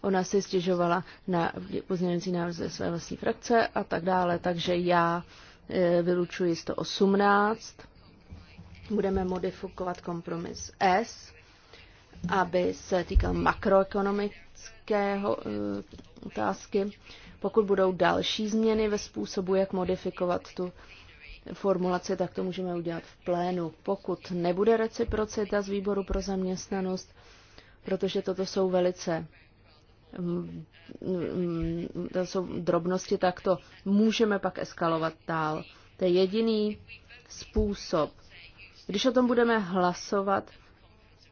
Ona si stěžovala na pozměňující návrh ze své vlastní frakce a tak dále, takže já Eh, vylučuji 118. Budeme modifikovat kompromis S, aby se týkal makroekonomického eh, otázky. Pokud budou další změny ve způsobu, jak modifikovat tu formulaci, tak to můžeme udělat v plénu. Pokud nebude reciprocita z výboru pro zaměstnanost, protože toto jsou velice to mm, mm, mm, jsou drobnosti, tak to můžeme pak eskalovat dál. To je jediný způsob. Když o tom budeme hlasovat,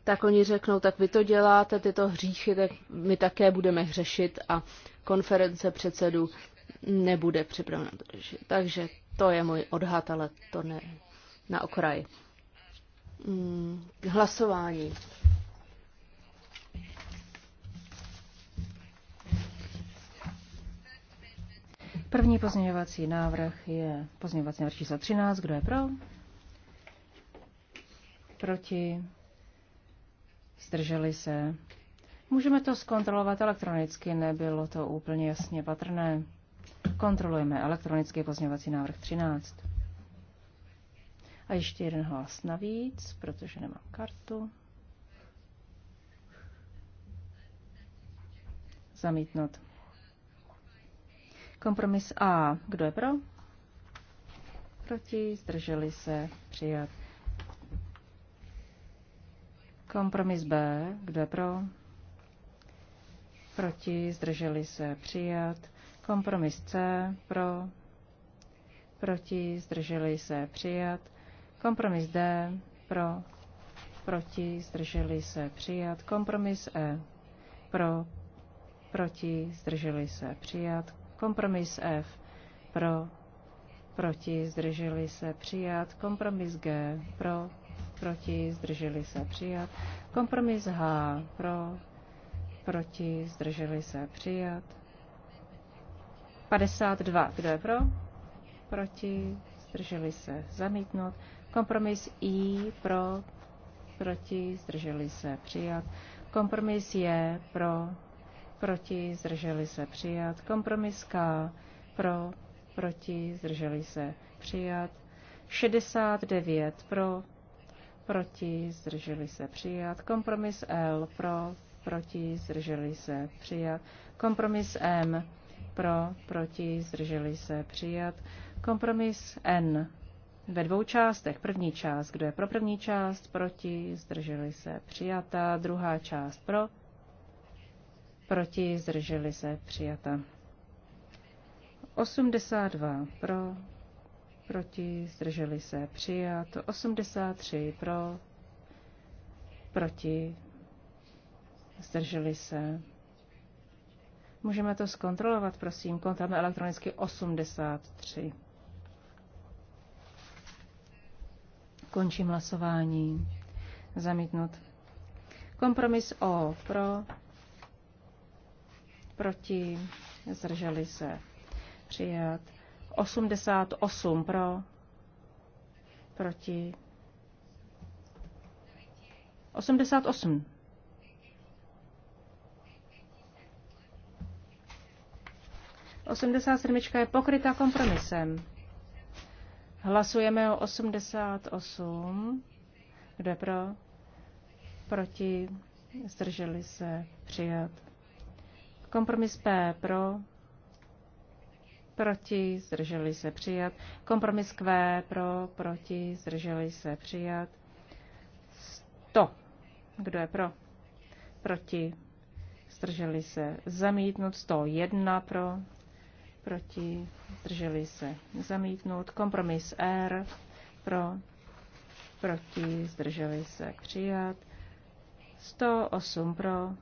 tak oni řeknou, tak vy to děláte, tyto hříchy, tak my také budeme hřešit a konference předsedů nebude připravena. Takže to je můj odhad, ale to ne na okraj. Hlasování.
První pozměňovací návrh je pozměňovací návrh číslo 13. Kdo je pro? Proti? Zdrželi se? Můžeme to zkontrolovat elektronicky, nebylo to úplně jasně patrné. Kontrolujeme elektronický pozměňovací návrh 13. A ještě jeden hlas navíc, protože nemám kartu. Zamítnout. Kompromis A. Kdo je pro? Proti? Zdrželi se? Přijat. Kompromis B. Kdo je pro? Proti? Zdrželi se? Přijat. Kompromis C. Pro? Proti? Zdrželi se? Přijat. Kompromis D. Pro? Proti? Zdrželi se? Přijat. Kompromis E. Pro? Proti? Zdrželi se? Přijat Kompromis F pro, proti, zdrželi se přijat. Kompromis G pro, proti, zdrželi se přijat. Kompromis H pro, proti, zdrželi se přijat. 52. Kdo je pro? Proti, zdrželi se zamítnout. Kompromis I pro, proti, zdrželi se přijat. Kompromis je pro, proti, zdrželi se přijat. Kompromis K, pro, proti, zdrželi se přijat. 69 pro, proti, zdrželi se přijat. Kompromis L pro, proti, zdrželi se přijat. Kompromis M pro, proti, zdrželi se přijat. Kompromis N ve dvou částech. První část, kdo je pro první část, proti, zdrželi se přijata. Druhá část pro, proti, zdrželi se, přijata. 82 pro, proti, zdrželi se, přijat. 83 pro, proti, zdrželi se. Můžeme to zkontrolovat, prosím. Kontáme elektronicky 83. Končím hlasování. Zamítnut. Kompromis O pro, proti, zdrželi se přijat. 88 pro, proti, 88. Osmdesát sedmička je pokryta kompromisem. Hlasujeme o 88. Kdo je pro? Proti? Zdrželi se? Přijat. Kompromis P pro, proti, zdrželi se přijat. Kompromis Q pro, proti, zdrželi se přijat. 100. Kdo je pro? Proti, zdrželi se zamítnout. 101 pro, proti, zdrželi se zamítnout. Kompromis R pro, proti, zdrželi se přijat. 108 pro,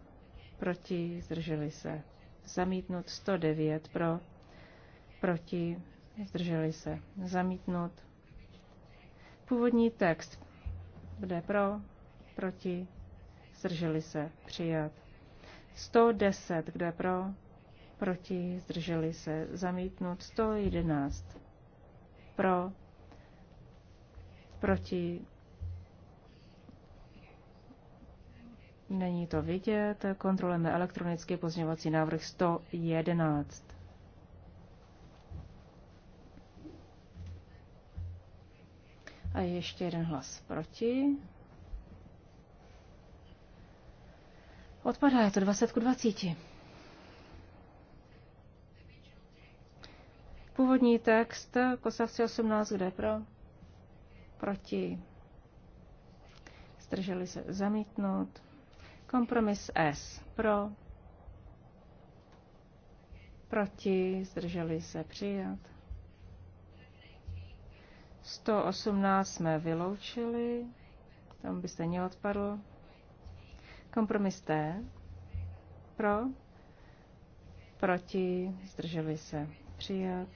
proti, zdrželi se. Zamítnut 109 pro, proti, zdrželi se. Zamítnut. Původní text bude pro, proti, zdrželi se. Přijat. 110, kde pro, proti, zdrželi se. Zamítnut 111 pro, proti, Není to vidět. Kontrolujeme elektronicky pozměňovací návrh 111. A ještě jeden hlas proti. Odpadá, je to 20 ku 20. Původní text kosavci 18, kde pro? Proti. Zdrželi se zamítnout. Kompromis S pro, proti, zdrželi se přijat. 118 jsme vyloučili, tam by stejně odpadl. Kompromis T pro, proti, zdrželi se přijat.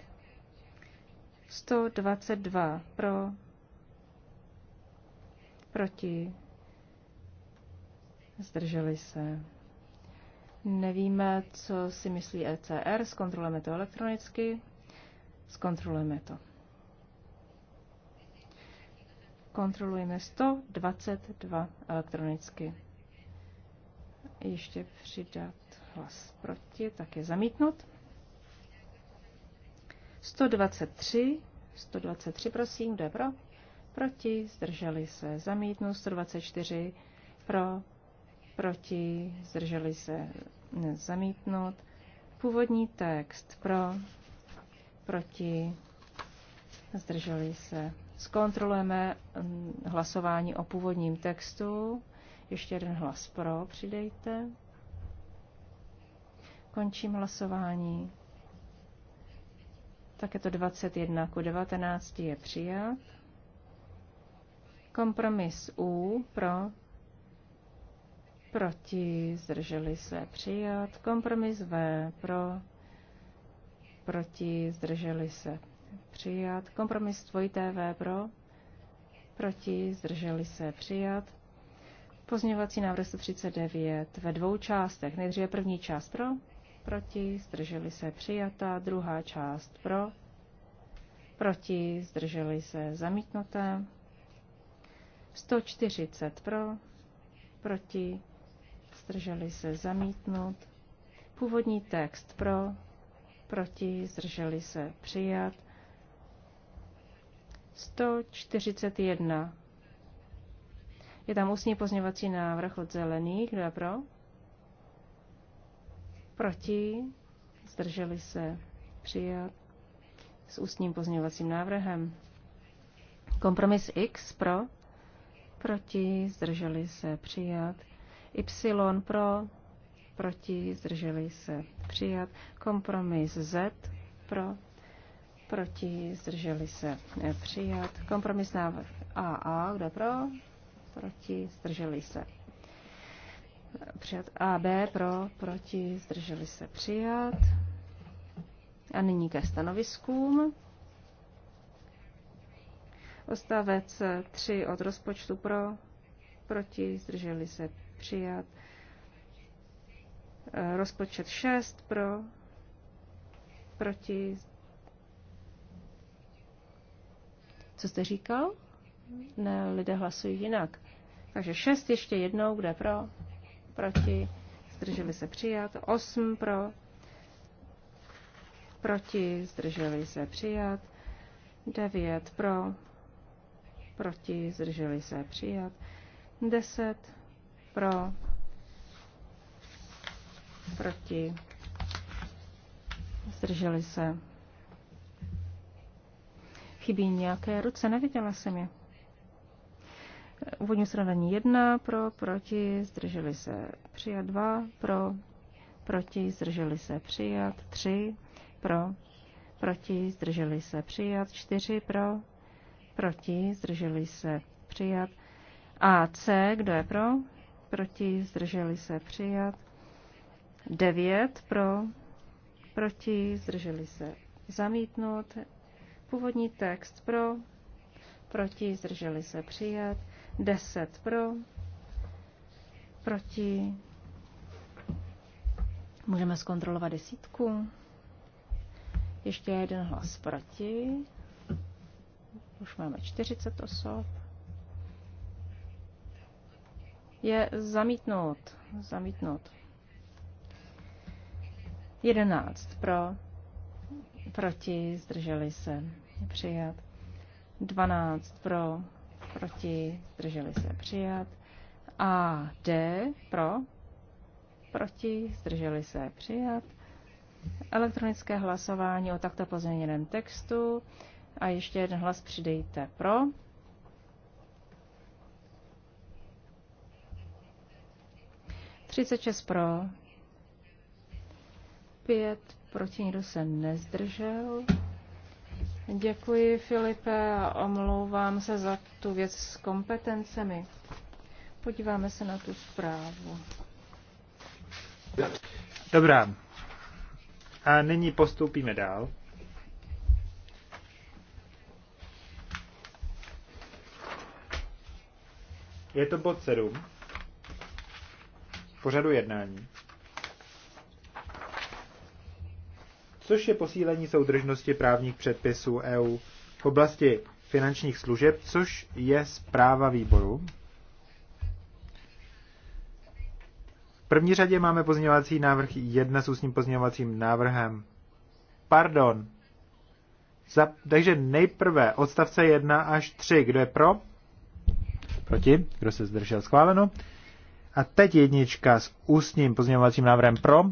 122 pro, proti, zdrželi se. Nevíme, co si myslí ECR, zkontrolujeme to elektronicky, zkontrolujeme to. Kontrolujeme 122 elektronicky. Ještě přidat hlas proti, tak je zamítnut. 123, 123 prosím, kdo je pro? Proti, zdrželi se, zamítnu, 124 pro, proti, zdrželi se zamítnout. Původní text pro, proti, zdrželi se. Zkontrolujeme mm, hlasování o původním textu. Ještě jeden hlas pro přidejte. Končím hlasování. Tak je to 21 ku 19 je přijat. Kompromis U pro proti, zdrželi se přijat, kompromis V pro, proti, zdrželi se přijat, kompromis dvojité V pro, proti, zdrželi se přijat, pozměňovací návrh 139 ve dvou částech, nejdříve první část pro, proti, zdrželi se přijata, druhá část pro, proti, zdrželi se zamítnuté, 140 pro, proti, zdrželi se zamítnout Původní text pro, proti, zdrželi se přijat. 141. Je tam ústní pozměvací návrh od zelených. Kdo je pro? Proti, zdrželi se přijat s ústním pozměvacím návrhem. Kompromis X pro, proti, zdrželi se přijat. Y pro, proti, zdrželi se přijat. Kompromis Z pro, proti, zdrželi se přijat. Kompromis návrh AA, kdo pro, proti, zdrželi se přijat. AB pro, proti, zdrželi se přijat. A nyní ke stanoviskům. Ostavec 3 od rozpočtu pro, proti, zdrželi se přijat. Eh, rozpočet 6 pro, proti. Co jste říkal? Ne, lidé hlasují jinak. Takže 6 ještě jednou, kde pro, proti, zdrželi se přijat. 8 pro, proti, zdrželi se přijat. 9 pro, proti, zdrželi se přijat. 10 pro, proti, zdrželi se. Chybí nějaké ruce, neviděla jsem je. Úvodní srovnání 1 pro, proti, zdrželi se přijat 2 pro, proti, zdrželi se přijat 3 pro, proti, zdrželi se přijat 4 pro, proti, zdrželi se přijat. A C, kdo je pro? proti, zdrželi se přijat. 9 pro, proti, zdrželi se zamítnout. Původní text pro, proti, zdrželi se přijat. 10 pro, proti. Můžeme zkontrolovat desítku. Ještě jeden hlas proti. Už máme 40 osob je zamítnout. Zamítnout. 11 pro, proti, zdrželi se, přijat. 12 pro, proti, zdrželi se, přijat. A D pro, proti, zdrželi se, přijat. Elektronické hlasování o takto pozměněném textu a ještě jeden hlas přidejte pro. 36 pro, 5 proti, nikdo se nezdržel. Děkuji, Filipe, a omlouvám se za tu věc s kompetencemi. Podíváme se na tu zprávu.
Dobrá. A nyní postoupíme dál. Je to bod 7 pořadu jednání. Což je posílení soudržnosti právních předpisů EU v oblasti finančních služeb, což je zpráva výboru. V první řadě máme pozměňovací návrh jedna s ústním pozměňovacím návrhem. Pardon. Za, takže nejprve odstavce 1 až 3. Kdo je pro? Proti? Kdo se zdržel? Schváleno. A teď jednička s ústním pozměňovacím návrhem pro,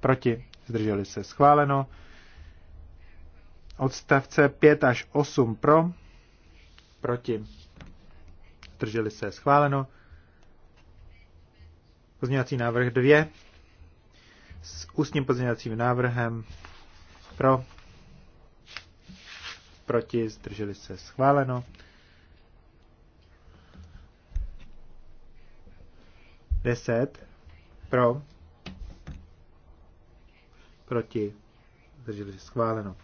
proti, zdrželi se schváleno. Odstavce 5 až 8 pro, proti, zdrželi se schváleno. Pozměňovací návrh 2 s ústním pozměňovacím návrhem pro, proti, zdrželi se schváleno. 10 pro, proti, zdrželi se schváleno.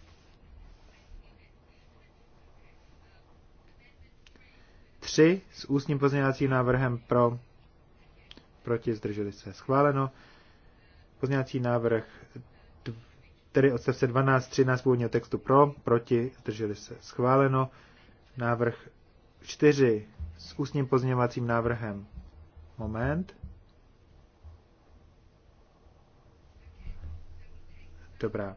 Tři s ústním pozměňovacím návrhem pro, proti, zdrželi se schváleno. Pozměňovací návrh tedy odstavce 12, 13 původního textu pro, proti, zdrželi se schváleno. Návrh 4 s ústním pozměňovacím návrhem. Moment. Dobrá.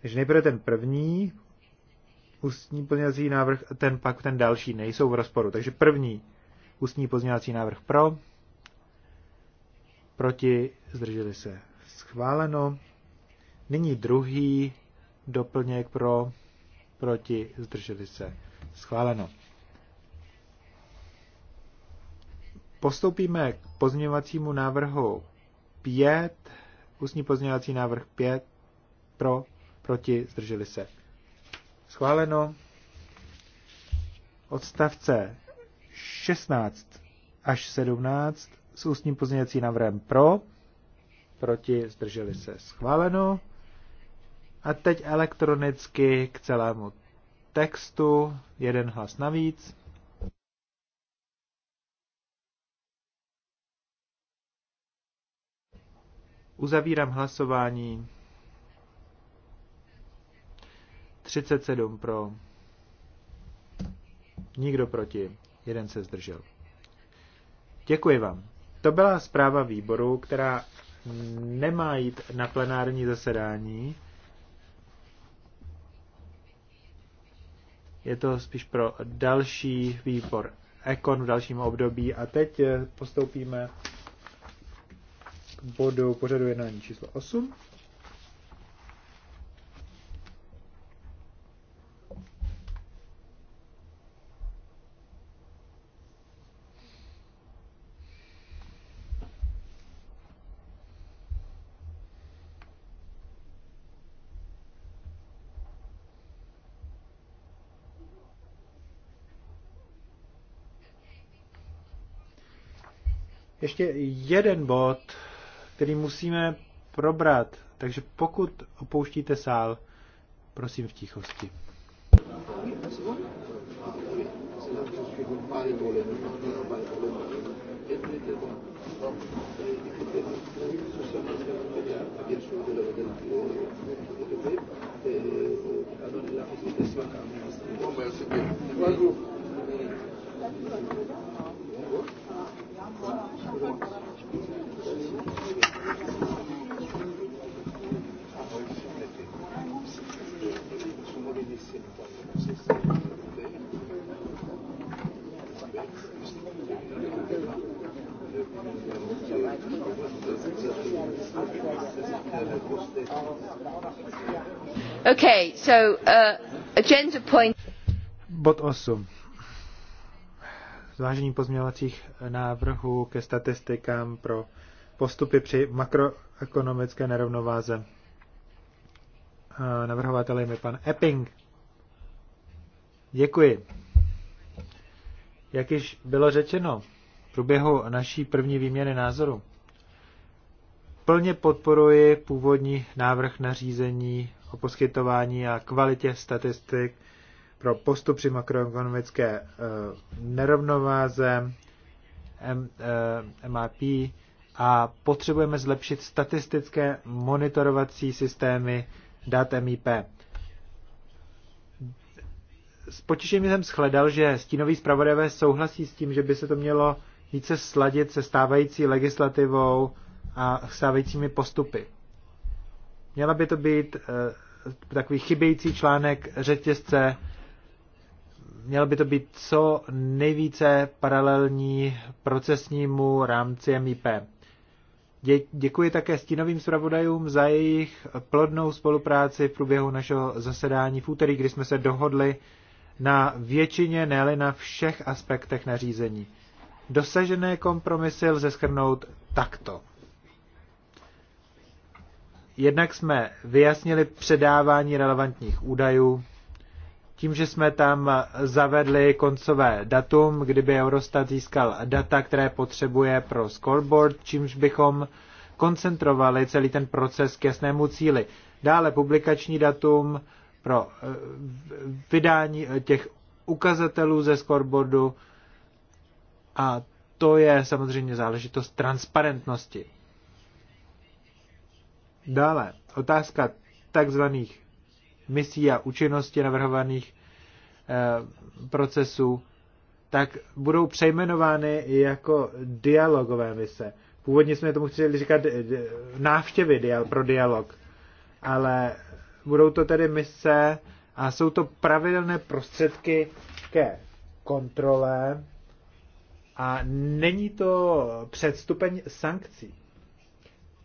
Takže nejprve ten první ústní pozměňovací návrh, ten pak ten další, nejsou v rozporu. Takže první ústní pozměňovací návrh pro, proti, zdrželi se, schváleno. Nyní druhý doplněk pro, proti, zdrželi se, schváleno. Postoupíme k pozměňovacímu návrhu 5, ústní pozměňovací návrh 5, pro, proti, zdrželi se. Schváleno. Odstavce 16 až 17 s ústním pozměňovací návrhem pro, proti, zdrželi se. Schváleno. A teď elektronicky k celému textu, jeden hlas navíc. Uzavírám hlasování. 37 pro. Nikdo proti. Jeden se zdržel. Děkuji vám. To byla zpráva výboru, která nemá jít na plenární zasedání. Je to spíš pro další výbor Ekon v dalším období. A teď eh, postoupíme k bodu pořadu jednání číslo 8. ještě jeden bod, který musíme probrat. Takže pokud opouštíte sál, prosím v tichosti.
Okay, so, uh, agenda point.
But awesome zvážení pozměňovacích návrhů ke statistikám pro postupy při makroekonomické nerovnováze. Navrhovatelem je pan Epping. Děkuji. Jak již bylo řečeno v průběhu naší první výměny názoru, plně podporuji původní návrh nařízení o poskytování a kvalitě statistik pro postup při makroekonomické eh, nerovnováze MAP eh, a potřebujeme zlepšit statistické monitorovací systémy dat MIP. S potěšením jsem shledal, že stínoví zpravodajové souhlasí s tím, že by se to mělo více sladit se stávající legislativou a stávajícími postupy. Měla by to být eh, takový chybějící článek řetězce měl by to být co nejvíce paralelní procesnímu rámci MIP. Děkuji také stínovým zpravodajům za jejich plodnou spolupráci v průběhu našeho zasedání v úterý, kdy jsme se dohodli na většině, ne na všech aspektech nařízení. Dosažené kompromisy lze schrnout takto. Jednak jsme vyjasnili předávání relevantních údajů, tím, že jsme tam zavedli koncové datum, kdyby Eurostat získal data, které potřebuje pro scoreboard, čímž bychom koncentrovali celý ten proces k jasnému cíli. Dále publikační datum pro eh, vydání eh, těch ukazatelů ze scoreboardu a to je samozřejmě záležitost transparentnosti. Dále otázka takzvaných misí a účinnosti navrhovaných eh, procesů, tak budou přejmenovány jako dialogové mise. Původně jsme tomu chtěli říkat eh, návštěvy pro dialog, ale budou to tedy mise a jsou to pravidelné prostředky ke kontrole a není to předstupeň sankcí.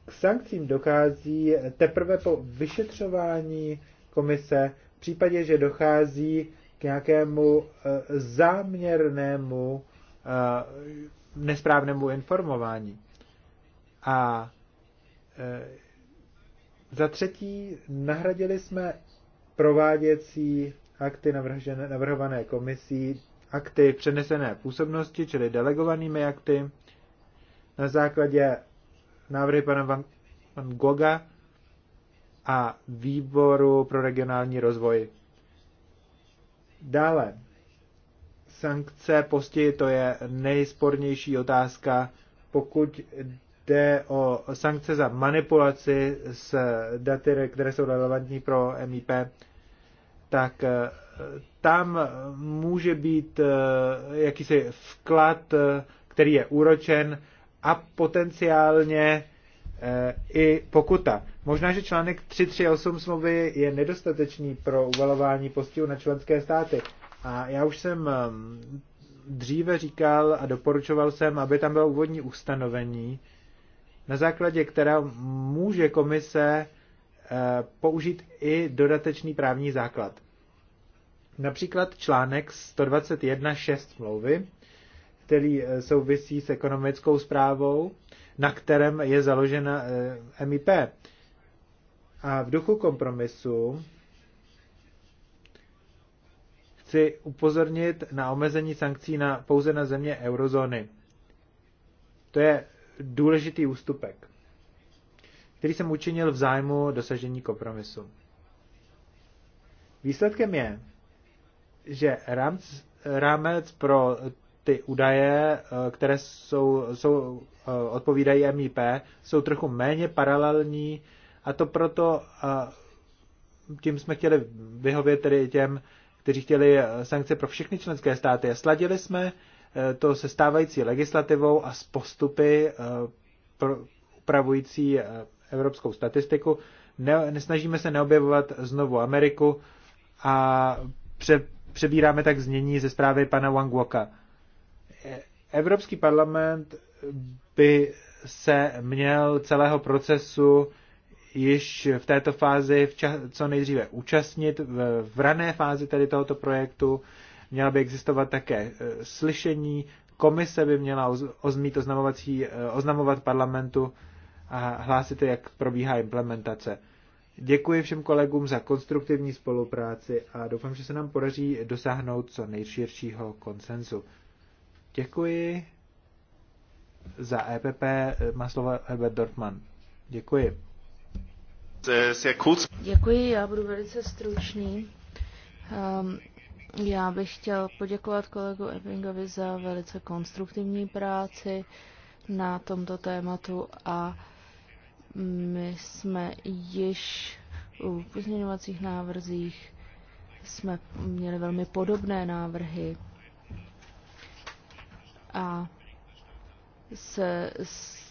K sankcím dochází teprve po vyšetřování komise v případě, že dochází k nějakému eh, záměrnému eh, nesprávnému informování. A eh, za třetí nahradili jsme prováděcí akty navržené, navrhované komisí akty přenesené působnosti, čili delegovanými akty, na základě návrhy pana Van, Van Goga a výboru pro regionální rozvoj. Dále, sankce postihy, to je nejspornější otázka, pokud jde o sankce za manipulaci s daty, které jsou relevantní pro MIP, tak eh, tam může být eh, jakýsi vklad, eh, který je úročen a potenciálně i pokuta. Možná, že článek 338 smlouvy je nedostatečný pro uvalování postihu na členské státy. A já už jsem um, dříve říkal a doporučoval jsem, aby tam bylo úvodní ustanovení, na základě které může komise eh, použít i dodatečný právní základ. Například článek 121.6 smlouvy, který eh, souvisí s ekonomickou zprávou, na kterém je založena eh, MIP. A v duchu kompromisu chci upozornit na omezení sankcí na, pouze na země eurozóny. To je důležitý ústupek, který jsem učinil v zájmu dosažení kompromisu. Výsledkem je, že rámc, rámec pro ty údaje, eh, které jsou, jsou, eh, odpovídají MIP, jsou trochu méně paralelní a to proto, a tím jsme chtěli vyhovět tedy těm, kteří chtěli e, sankce pro všechny členské státy. A sladili jsme e, to se stávající legislativou a s postupy e, upravující evropskou statistiku. Ne, nesnažíme se neobjevovat znovu Ameriku a pře, přebíráme tak znění ze zprávy pana Wang Woka. Evropský parlament by se měl celého procesu již v této fázi vča, co nejdříve účastnit. V, v rané fázi tady tohoto projektu měla by existovat také e, slyšení, komise by měla ozmít oznamovací, e, oznamovat parlamentu a hlásit, jak probíhá implementace. Děkuji všem kolegům za konstruktivní spolupráci a doufám, že se nám podaří dosáhnout co nejširšího konsenzu. Děkuji. Za EPP má slovo Herbert Dortmann. Děkuji. Eh,
Děkuji, já budu velice stručný. Um, já bych chtěl poděkovat kolegu Eppingovi za velice konstruktivní práci na tomto tématu a my jsme již u pozměňovacích návrzích jsme měli velmi podobné návrhy a se, s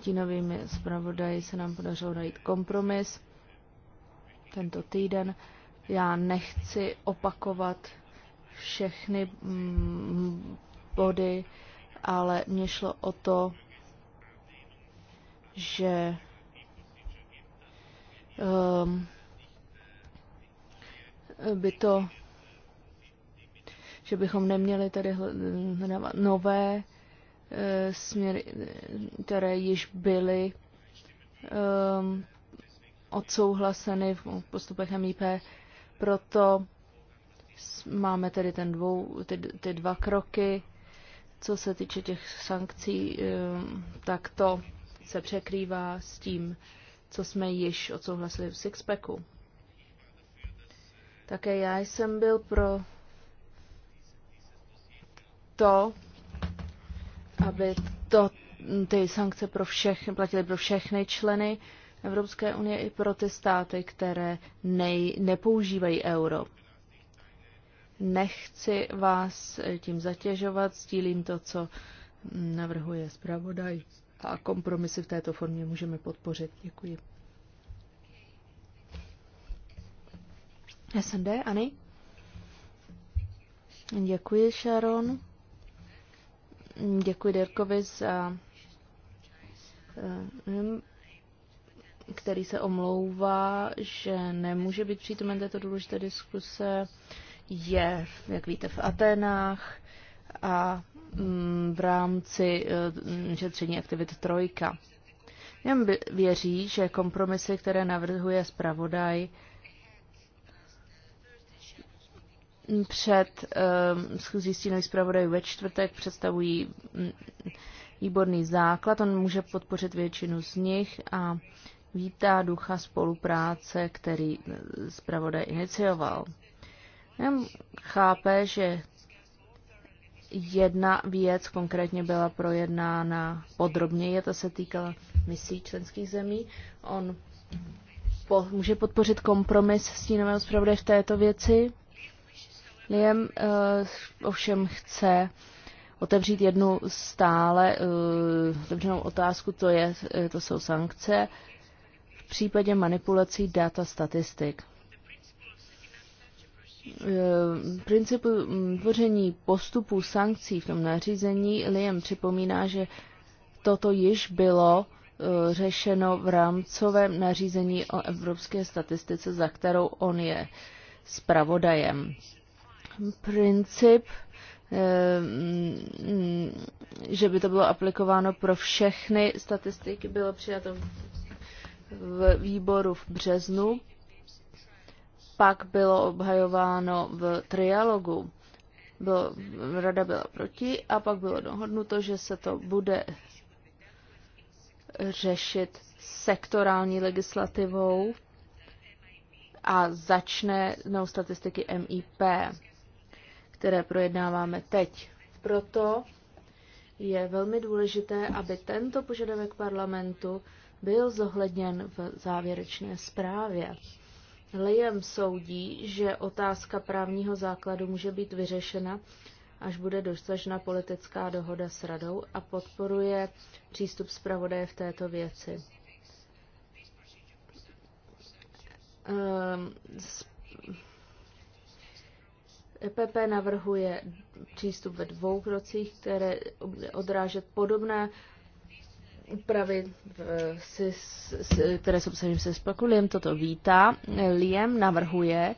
tínovými zpravodaji se nám podařilo najít kompromis tento týden. Já nechci opakovat všechny mm, body, ale mě šlo o to, že um, by to, že bychom neměli tady hledat nové Eh, směry, které již byly um, odsouhlaseny v postupech MIP. Proto máme tedy ten dvou, ty, ty dva kroky. Co se týče těch sankcí, um, tak to se překrývá s tím, co jsme již odsouhlasili v Sixpacku. Také já jsem byl pro to, aby to, ty sankce pro všech platily pro všechny členy Evropské unie i pro ty státy, které nej, nepoužívají euro. Nechci vás tím zatěžovat, sdílím to, co navrhuje zpravodaj a kompromisy v této formě můžeme podpořit. Děkuji. SND, Ani? Děkuji, Sharon. Děkuji Dirkovi za eh, který se omlouvá, že nemůže být přítomen této důležité diskuse, je, jak víte, v Atenách a mm, v rámci eh, šetření aktivit Trojka. Něm věří, že kompromisy, které navrhuje zpravodaj, před uh, schůzí stínových zpravodajů ve čtvrtek představují mm, výborný základ. On může podpořit většinu z nich a vítá ducha spolupráce, který e, zpravodaj inicioval. Chápe, že jedna věc konkrétně byla projednána podrobněji, to se týkala misí členských zemí. On po, může podpořit kompromis stínového zpravodaje v této věci Liam eh, ovšem chce otevřít jednu stále eh, otevřenou otázku, to, je, eh, to jsou sankce v případě manipulací data statistik. Principu mm, tvoření postupů sankcí v tom nařízení Liam připomíná, že toto již bylo řešeno v rámcovém nařízení o evropské statistice, za kterou on je zpravodajem princip, eh, že by to bylo aplikováno pro všechny statistiky, bylo přijato v výboru v březnu, pak bylo obhajováno v trialogu. Bylo, rada byla proti a pak bylo dohodnuto, že se to bude řešit sektorální legislativou a začne no, statistiky MIP které projednáváme teď. Proto je velmi důležité, aby tento požadavek parlamentu byl zohledněn v závěrečné zprávě. Liam soudí, že otázka právního základu může být vyřešena, až bude dosažena politická dohoda s radou a podporuje přístup zpravodaje v této věci. Ehm, EPP navrhuje přístup ve dvou krocích, které odrážet podobné úpravy, které jsou obsaženy se spakuliem, toto vítá. Liem navrhuje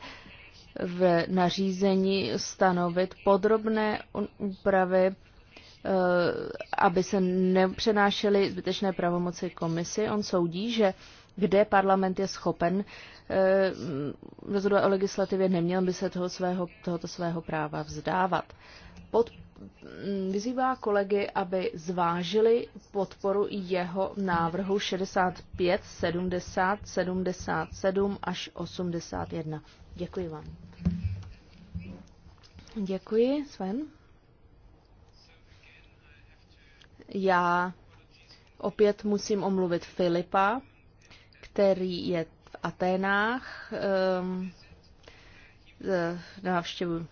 v nařízení stanovit podrobné úpravy, e, aby se nepřenášely zbytečné pravomoci komisi. On soudí, že kde parlament je schopen eh, rozhodovat o legislativě, neměl by se toho svého, tohoto svého práva vzdávat. Pod, mm, vyzývá kolegy, aby zvážili podporu jeho návrhu 65, 70, 77 až 81. Děkuji vám. Děkuji, Sven. Já opět musím omluvit Filipa, který je v Aténách ehm, na návštěvu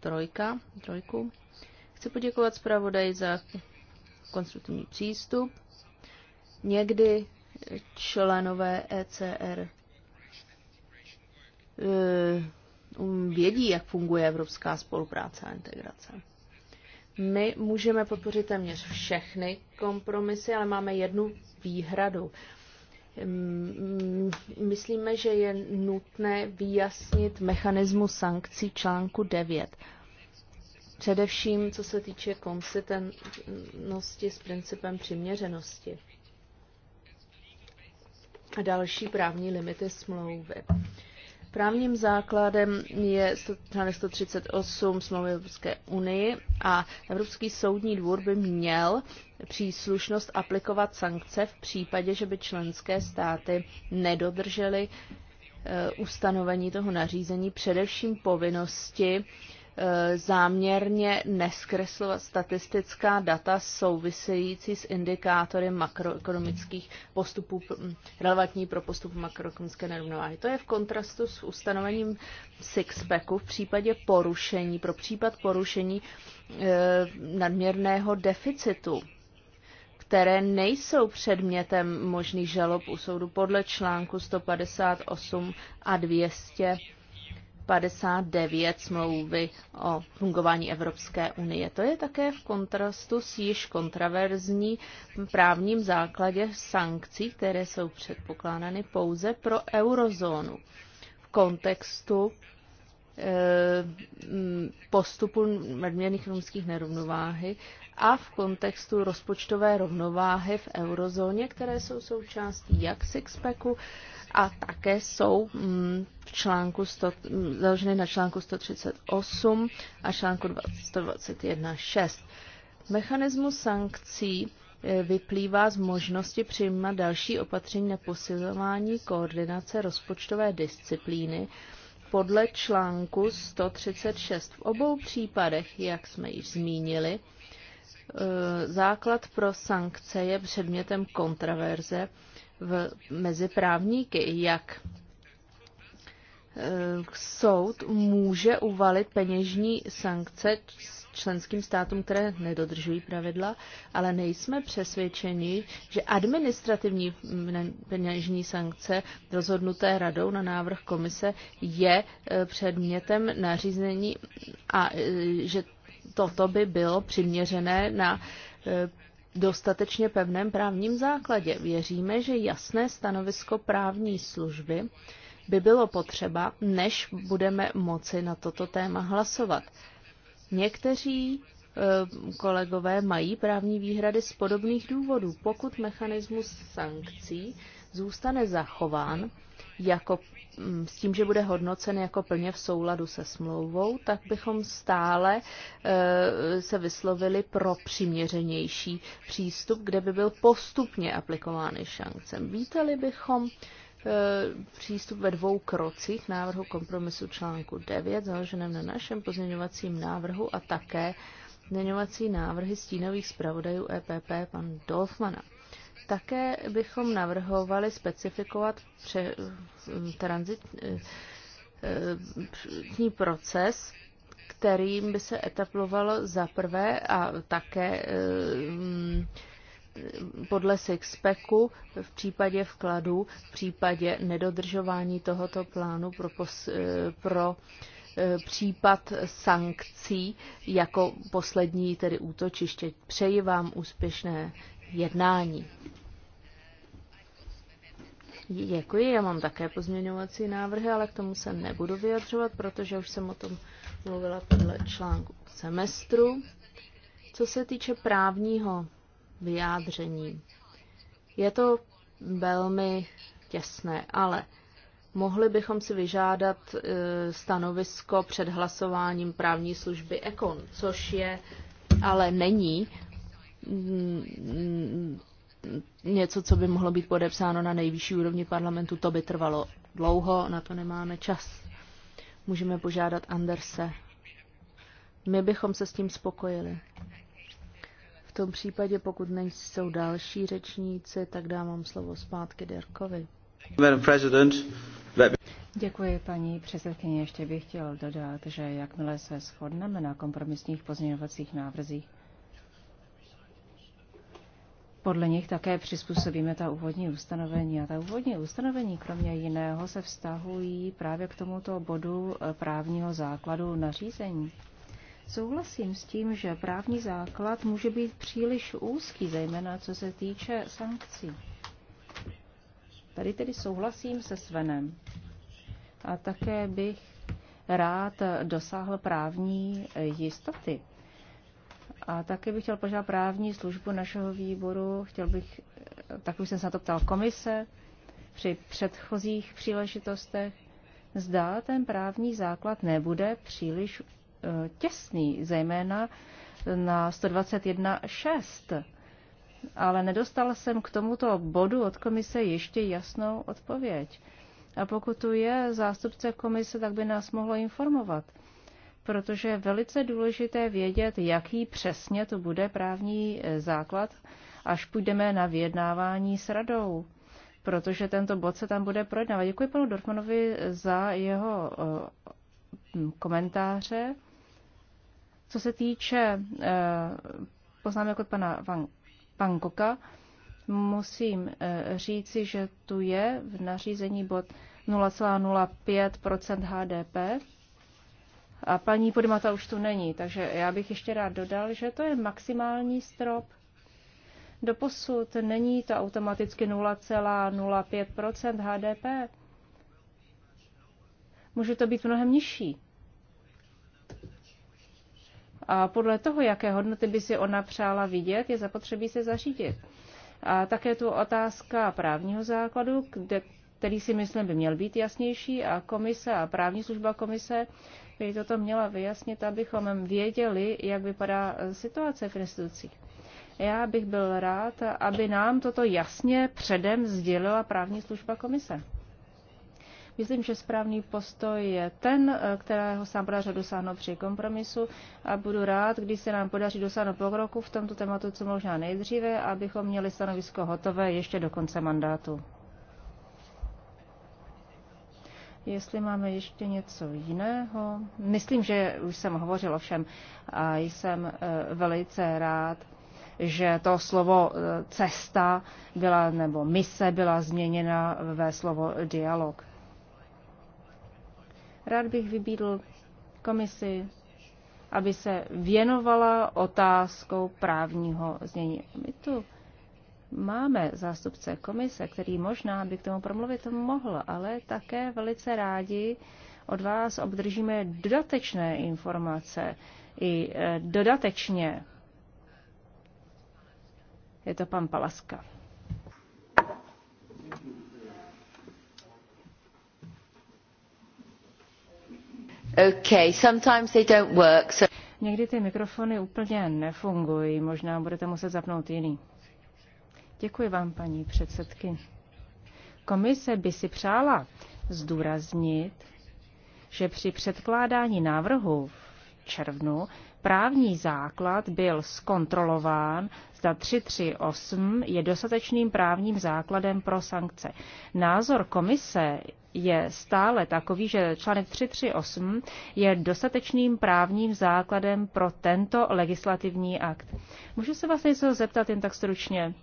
trojka, trojku. Chci poděkovat zpravodaji za konstruktivní přístup. Někdy členové ECR ehm, um, vědí, jak funguje evropská spolupráce a integrace. My můžeme podpořit téměř všechny kompromisy, ale máme jednu výhradu. Myslíme, že je nutné vyjasnit mechanismus sankcí článku 9. Především, co se týče konsistentnosti s principem přiměřenosti a další právní limity smlouvy. Právním základem je článek 138 smlouvy Evropské unii a Evropský soudní dvůr by měl příslušnost aplikovat sankce v případě, že by členské státy nedodržely eh, ustanovení toho nařízení, především povinnosti eh, záměrně neskreslovat statistická data související s indikátory makroekonomických postupů, mm, relevantní pro postup makroekonomické nerovnováhy. To je v kontrastu s ustanovením SIXPACu v případě porušení, pro případ porušení eh, nadměrného deficitu které nejsou předmětem možných žalob u soudu podle článku 158 a 259 smlouvy o fungování Evropské unie. To je také v kontrastu s již kontraverzní právním základě sankcí, které jsou předpokládány pouze pro eurozónu. V kontextu eh, postupu nadměrných rumských nerovnováhy a v kontextu rozpočtové rovnováhy v eurozóně, které jsou součástí jak Sixpacku a také jsou mm, v článku 100, mm, založeny na článku 138 a článku 121.6. Mechanismus sankcí e, vyplývá z možnosti přijímat další opatření na posilování koordinace rozpočtové disciplíny podle článku 136. V obou případech, jak jsme již zmínili, Eh, základ pro sankce je předmětem kontraverze v, mezi právníky, jak eh, soud může uvalit peněžní sankce členským státům, které nedodržují pravidla, ale nejsme přesvědčeni, že administrativní peněžní sankce rozhodnuté radou na návrh komise je eh, předmětem nařízení a že toto by bylo přiměřené na e, dostatečně pevném právním základě. Věříme, že jasné stanovisko právní služby by bylo potřeba, než budeme moci na toto téma hlasovat. Někteří e, kolegové mají právní výhrady z podobných důvodů. Pokud mechanismus sankcí zůstane zachován, jako, mm, s tím, že bude hodnocen jako plně v souladu se smlouvou, tak bychom stále eh, se vyslovili pro přiměřenější přístup, kde by byl postupně aplikovány šancem. Vítali bychom eh, přístup ve dvou krocích návrhu kompromisu článku 9, založeném na našem pozměňovacím návrhu a také pozměňovací návrhy stínových zpravodajů EPP pan Dolfmana. Také bychom navrhovali specifikovat pře, tranzitní eh, eh, proces, kterým by se etablovalo za prvé a také eh, podle Sixpacku v případě vkladu, v případě nedodržování tohoto plánu pro, pos, pro případ sankcí jako poslední tedy útočiště. Přeji vám úspěšné jednání. Děkuji, já mám také pozměňovací návrhy, ale k tomu se nebudu vyjadřovat, protože už jsem o tom mluvila podle článku semestru. Co se týče právního vyjádření, je to velmi těsné, ale mohli bychom si vyžádat e, stanovisko před hlasováním právní služby ECON, což je ale není Mm, něco, co by mohlo být podepsáno na nejvyšší úrovni parlamentu, to by trvalo dlouho, na to nemáme čas. Můžeme požádat Anderse. My bychom se s tím spokojili. V tom případě, pokud nejsou další řečníci, tak dávám slovo zpátky Derkovi.
Děkuji, paní předsedkyně. Ještě bych chtěl dodat, že jakmile se shodneme na kompromisních pozměňovacích návrzích, podle nich také přizpůsobíme ta úvodní ustanovení. A ta úvodní ustanovení, kromě jiného, se vztahují právě k tomuto bodu eh, právního základu nařízení. Souhlasím s tím, že právní základ může být příliš úzký, zejména co se týče sankcí. Tady tedy souhlasím se Svenem. A také bych rád dosáhl právní eh, jistoty a taky bych chtěl požádat právní službu našeho výboru, chtěl bych, tak už jsem se na to ptal komise, při předchozích příležitostech, zda ten právní základ nebude příliš eh, těsný, zejména na 121.6. Ale nedostal jsem k tomuto bodu od komise ještě jasnou odpověď. A pokud tu je zástupce komise, tak by nás mohlo informovat protože je velice důležité vědět, jaký přesně to bude právní eh, základ, až půjdeme na vyjednávání s radou, protože tento bod se tam bude projednávat. Děkuji panu Dorfmanovi eh, za jeho eh, komentáře. Co se týče poznámek od pana Van, Pankoka, musím říci, že tu je v nařízení bod 0,05 HDP a paní Podmata už tu není, takže já bych ještě rád dodal, že to je maximální strop. Doposud není to automaticky 0,05 HDP. Může to být mnohem nižší. A podle toho, jaké hodnoty by si ona přála vidět, je zapotřebí se zařídit. A také tu otázka právního základu, kde který si myslím by měl být jasnější a komise a právní služba komise by toto měla vyjasnit, abychom věděli, jak vypadá eh, situace v institucích. Já bych byl rád, aby nám toto jasně předem sdělila právní služba komise. Myslím, že správný postoj je ten, eh, kterého se nám podařilo dosáhnout při kompromisu a budu rád, když se nám podaří dosáhnout pokroku v tomto tématu co možná nejdříve, abychom měli stanovisko hotové ještě do konce mandátu. Jestli máme ještě něco jiného, myslím, že už jsem hovořil o všem a jsem e, velice rád, že to slovo e, cesta byla, nebo mise byla změněna ve slovo dialog. Rád bych vybídl komisi, aby se věnovala otázkou právního znění. My tu Máme zástupce komise, který možná by k tomu promluvit mohl, ale také velice rádi od vás obdržíme dodatečné informace i e, dodatečně.
Je to pan Palaska. Okay, sometimes they don't
work, so... Někdy ty mikrofony úplně nefungují, možná budete muset zapnout jiný. Děkuji vám, paní předsedky. Komise by si přála zdůraznit, že při předkládání návrhu v červnu právní základ byl zkontrolován, zda 338 je dostatečným právním základem pro sankce. Názor komise je stále takový, že článek 338 je dostatečným právním základem pro tento legislativní akt. Můžu se vás něco zeptat jen tak stručně?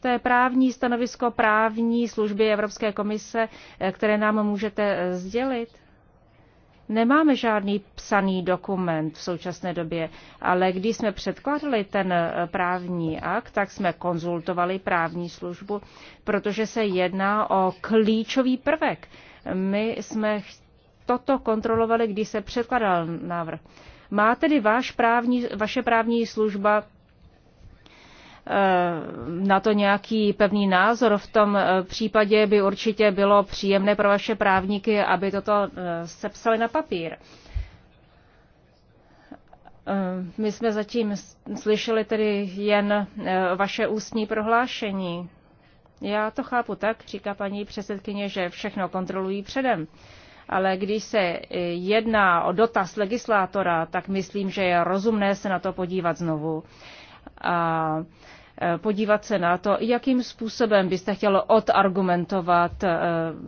To je právní stanovisko právní služby Evropské komise, eh, které nám můžete eh, sdělit. Nemáme žádný psaný dokument v současné době, ale když jsme předkládali ten eh, právní akt, tak jsme konzultovali právní službu, protože se jedná o klíčový prvek. My jsme toto kontrolovali, když se předkládal návrh. Má tedy váš právní, vaše právní služba Eh, na to nějaký pevný názor. V tom eh, případě by určitě bylo příjemné pro vaše právníky, aby toto eh, sepsali na papír. My jsme zatím slyšeli tedy jen vaše ústní prohlášení. Já to chápu tak, říká paní předsedkyně, že všechno kontrolují předem. Ale když se jedná o dotaz legislátora, tak myslím, že je rozumné se na to podívat znovu. A podívat se na to, jakým způsobem byste chtěl odargumentovat eh,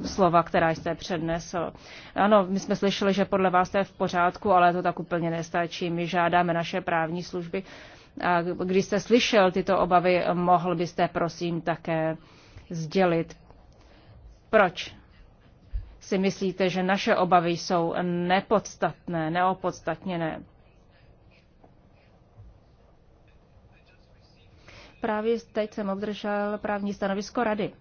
slova, která jste přednesl. Ano, my jsme slyšeli, že podle vás to je v pořádku, ale to tak úplně nestačí. My žádáme naše právní služby. A když jste slyšel tyto obavy, mohl byste prosím také sdělit, proč si myslíte, že naše obavy jsou nepodstatné, neopodstatněné. Právě teď jsem obdržel právní stanovisko rady.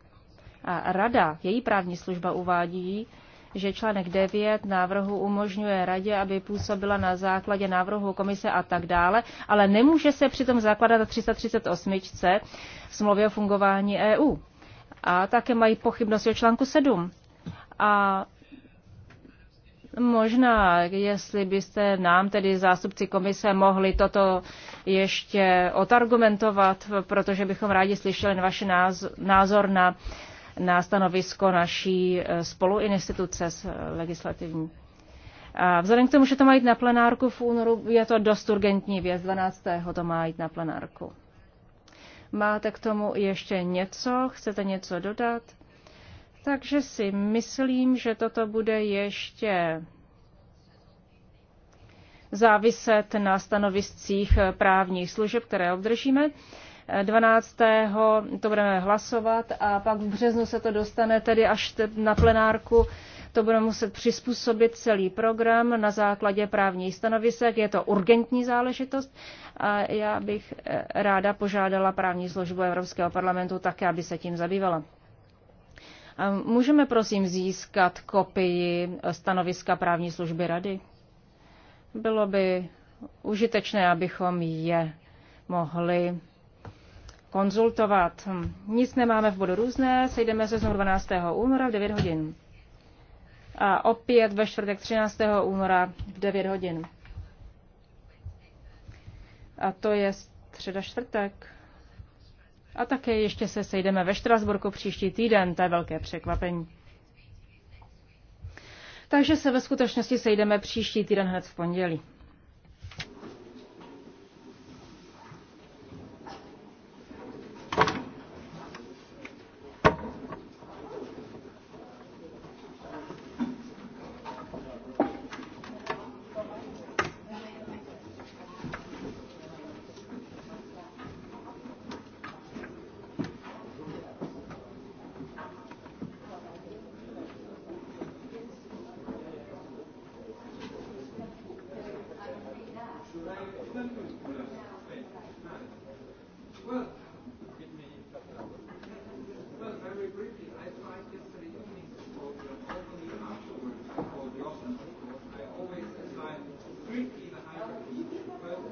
A rada, její právní služba uvádí, že článek 9 návrhu umožňuje radě, aby působila na základě návrhu komise a tak dále, ale nemůže se přitom zakládat na 338. v smlouvě o fungování EU. A také mají pochybnosti o článku 7. A Možná, jestli byste nám, tedy zástupci komise, mohli toto ještě odargumentovat, protože bychom rádi slyšeli na vaše názor na, na stanovisko naší eh, spoluinstituce eh, legislativní. A vzhledem k tomu, že to mají na plenárku v únoru, je to dost urgentní věc, 12. to má jít na plenárku. Máte k tomu ještě něco? Chcete něco dodat? Takže si myslím, že toto bude ještě záviset na stanoviscích právních služeb, které obdržíme. 12. to budeme hlasovat a pak v březnu se to dostane tedy až na plenárku. To budeme muset přizpůsobit celý program na základě právních stanovisek. Je to urgentní záležitost a já bych ráda požádala právní službu Evropského parlamentu také, aby se tím zabývala. Ehm, můžeme prosím získat kopii stanoviska právní služby rady? Bylo by užitečné, abychom je mohli konzultovat. Hm, nic nemáme v bodu různé, sejdeme se znovu 12. února v 9 hodin. A opět ve čtvrtek 13. února v 9 hodin. A to je středa čtvrtek. A také ještě se sejdeme ve Štrasburku příští týden, to je velké překvapení. Takže se ve skutečnosti sejdeme příští týden hned v pondělí.